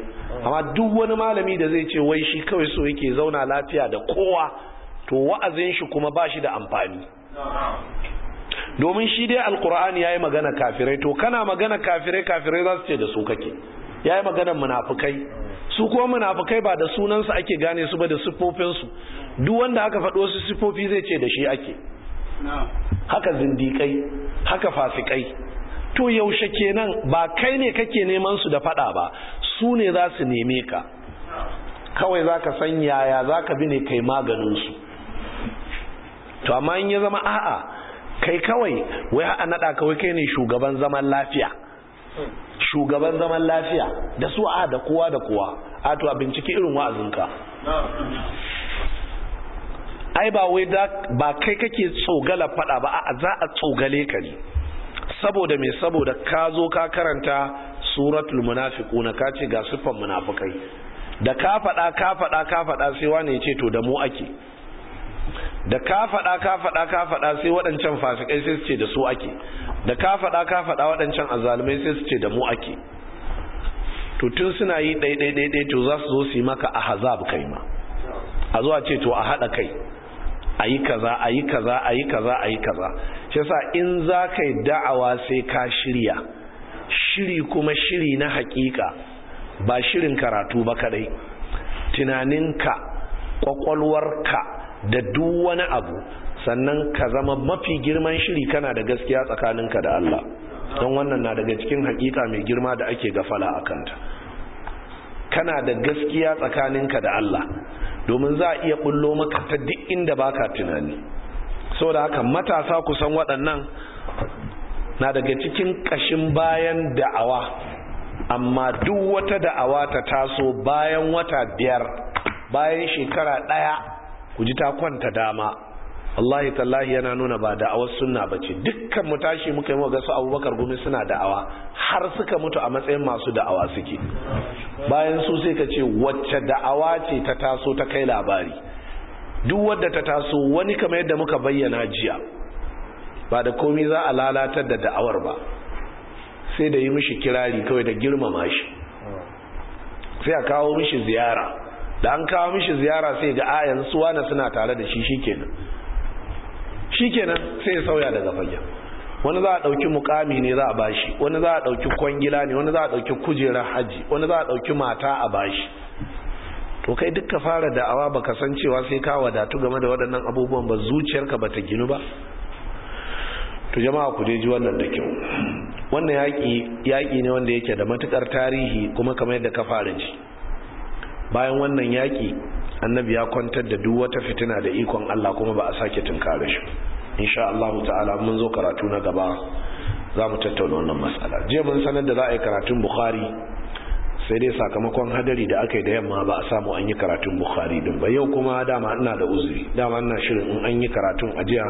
amma duk wani malami da zai ce wai shi kawai so yake zauna lafiya da kowa to wa'azin shi kuma ba shi da amfani domin shi dai alkur'ani ya yi magana kafirai to kana magana kafirai kafirai za su ce da su kake ya yi maganar munafukai su kuma munafukai ba da sunansu ake gane su ba da siffofinsu duk wanda aka faɗo su siffofi zai ce da shi ake haka zindiƙai, haka fasikai to yaushe kenan ba kai ne kake neman su da faɗa ba su ne za su neme ka kawai za ka san yaya za ka bi ne kai maganinsu to amma in ya zama a'a kai kawai wai a naɗa kawai kai ne shugaban zaman lafiya shugaban zaman lafiya da su a da kowa da kowa a to a binciki irin wa'azinka ai ba wai da ba kai kake tsogala fada ba a za a tsogale ka ne saboda me saboda ka zo ka karanta suratul munafiquna ka ce ga sifan munafikai da ka fada ka fada ka fada sai wani ya ce to da mu ake da ka fada ka fada ka fada sai waɗancan fasikai sai su ce da su ake da ka faɗa ka faɗa waɗancan azalumai sai su ce da mu ake to tun suna yi ɗaiɗaiɗaiɗai to za su zo su yi maka a hazab kai ma a zuwa ce to a haɗa kai a yi kaza a yi kaza a yi kaza a yi kaza shi sa in za ka yi da'awa sai ka shirya shiri kuma shiri na hakika ba shirin karatu ba kadai tunaninka kwakwalwarka da duk wani abu sannan ka zama mafi girman shiri kana da gaskiya tsakaninka da Allah don wannan na daga cikin hakika mai girma da ake gafala a kanta kana da gaskiya tsakaninka da Allah domin za a iya bullo maka ta duk inda baka tunani da haka matasa kusan waɗannan na daga cikin ƙashin bayan da'awa amma duk wata da'awa ta taso bayan wata biyar bayan shekara ɗaya ku ji ta kwanta dama wallahi tallahi yana nuna ba da'awar sunna ba ce dukkan mu tashi muka yi ga su Abubakar gumi suna da'awa har suka mutu a matsayin masu da'awa suke bayan su sai ka ce wacce da'awa ce ta taso ta kai labari duk wadda ta taso wani kamar yadda muka bayyana jiya ba da komi za a lalatar da da'awar ba sai da yi mishi kirari kawai da girmama shi sai a kawo mishi ziyara da an kawo mishi ziyara sai ga ayan suwana suna tare da shi shikenan Shi shikenan sai ya sauya daga fagen wani za a ɗauki mukami ne za a bashi wani za a ɗauki kwangila ne wani za a ɗauki kujerar haji. wani za a ɗauki mata a bashi to kai duk ka fara da'awa baka san cewa sai ka wadatu game da waɗannan abubuwan ba zuciyarka bata ginu ba to jama'a ku ji wannan da kyau wannan yaƙi yaƙi ne wanda yake da matukar tarihi kuma kamar yadda ka fara ji bayan wannan yaƙi annabi ya kwantar da duk wata fitina da ikon Allah kuma ba a sake tunkare shi insha Allah ta'ala mun zo karatu na gaba za mu tattauna wannan matsala jiya mun sanar da za a yi karatun bukhari sai dai sakamakon hadari da aka yi da yamma ba a samu an yi karatun bukhari din ba yau kuma dama ina da uzuri dama ina shirin in an yi karatun a jiya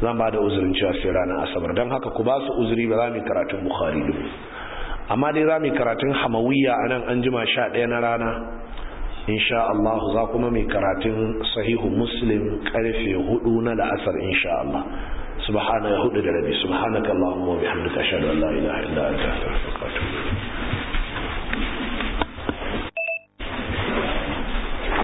zan ba da uzurin cewa sai ranar asabar don haka ku ba su uzuri ba za mu yi karatun bukhari din amma dai za mu yi karatun hamawiya a nan an jima sha ɗaya na rana insha Allah za kuma mai karatun sahihu muslim karfe hudu na la'asar insha Allah ya hudu da rabi subhanakallahumma wa bihamdika ashhadu an la ilaha illa anta astaghfiruka wa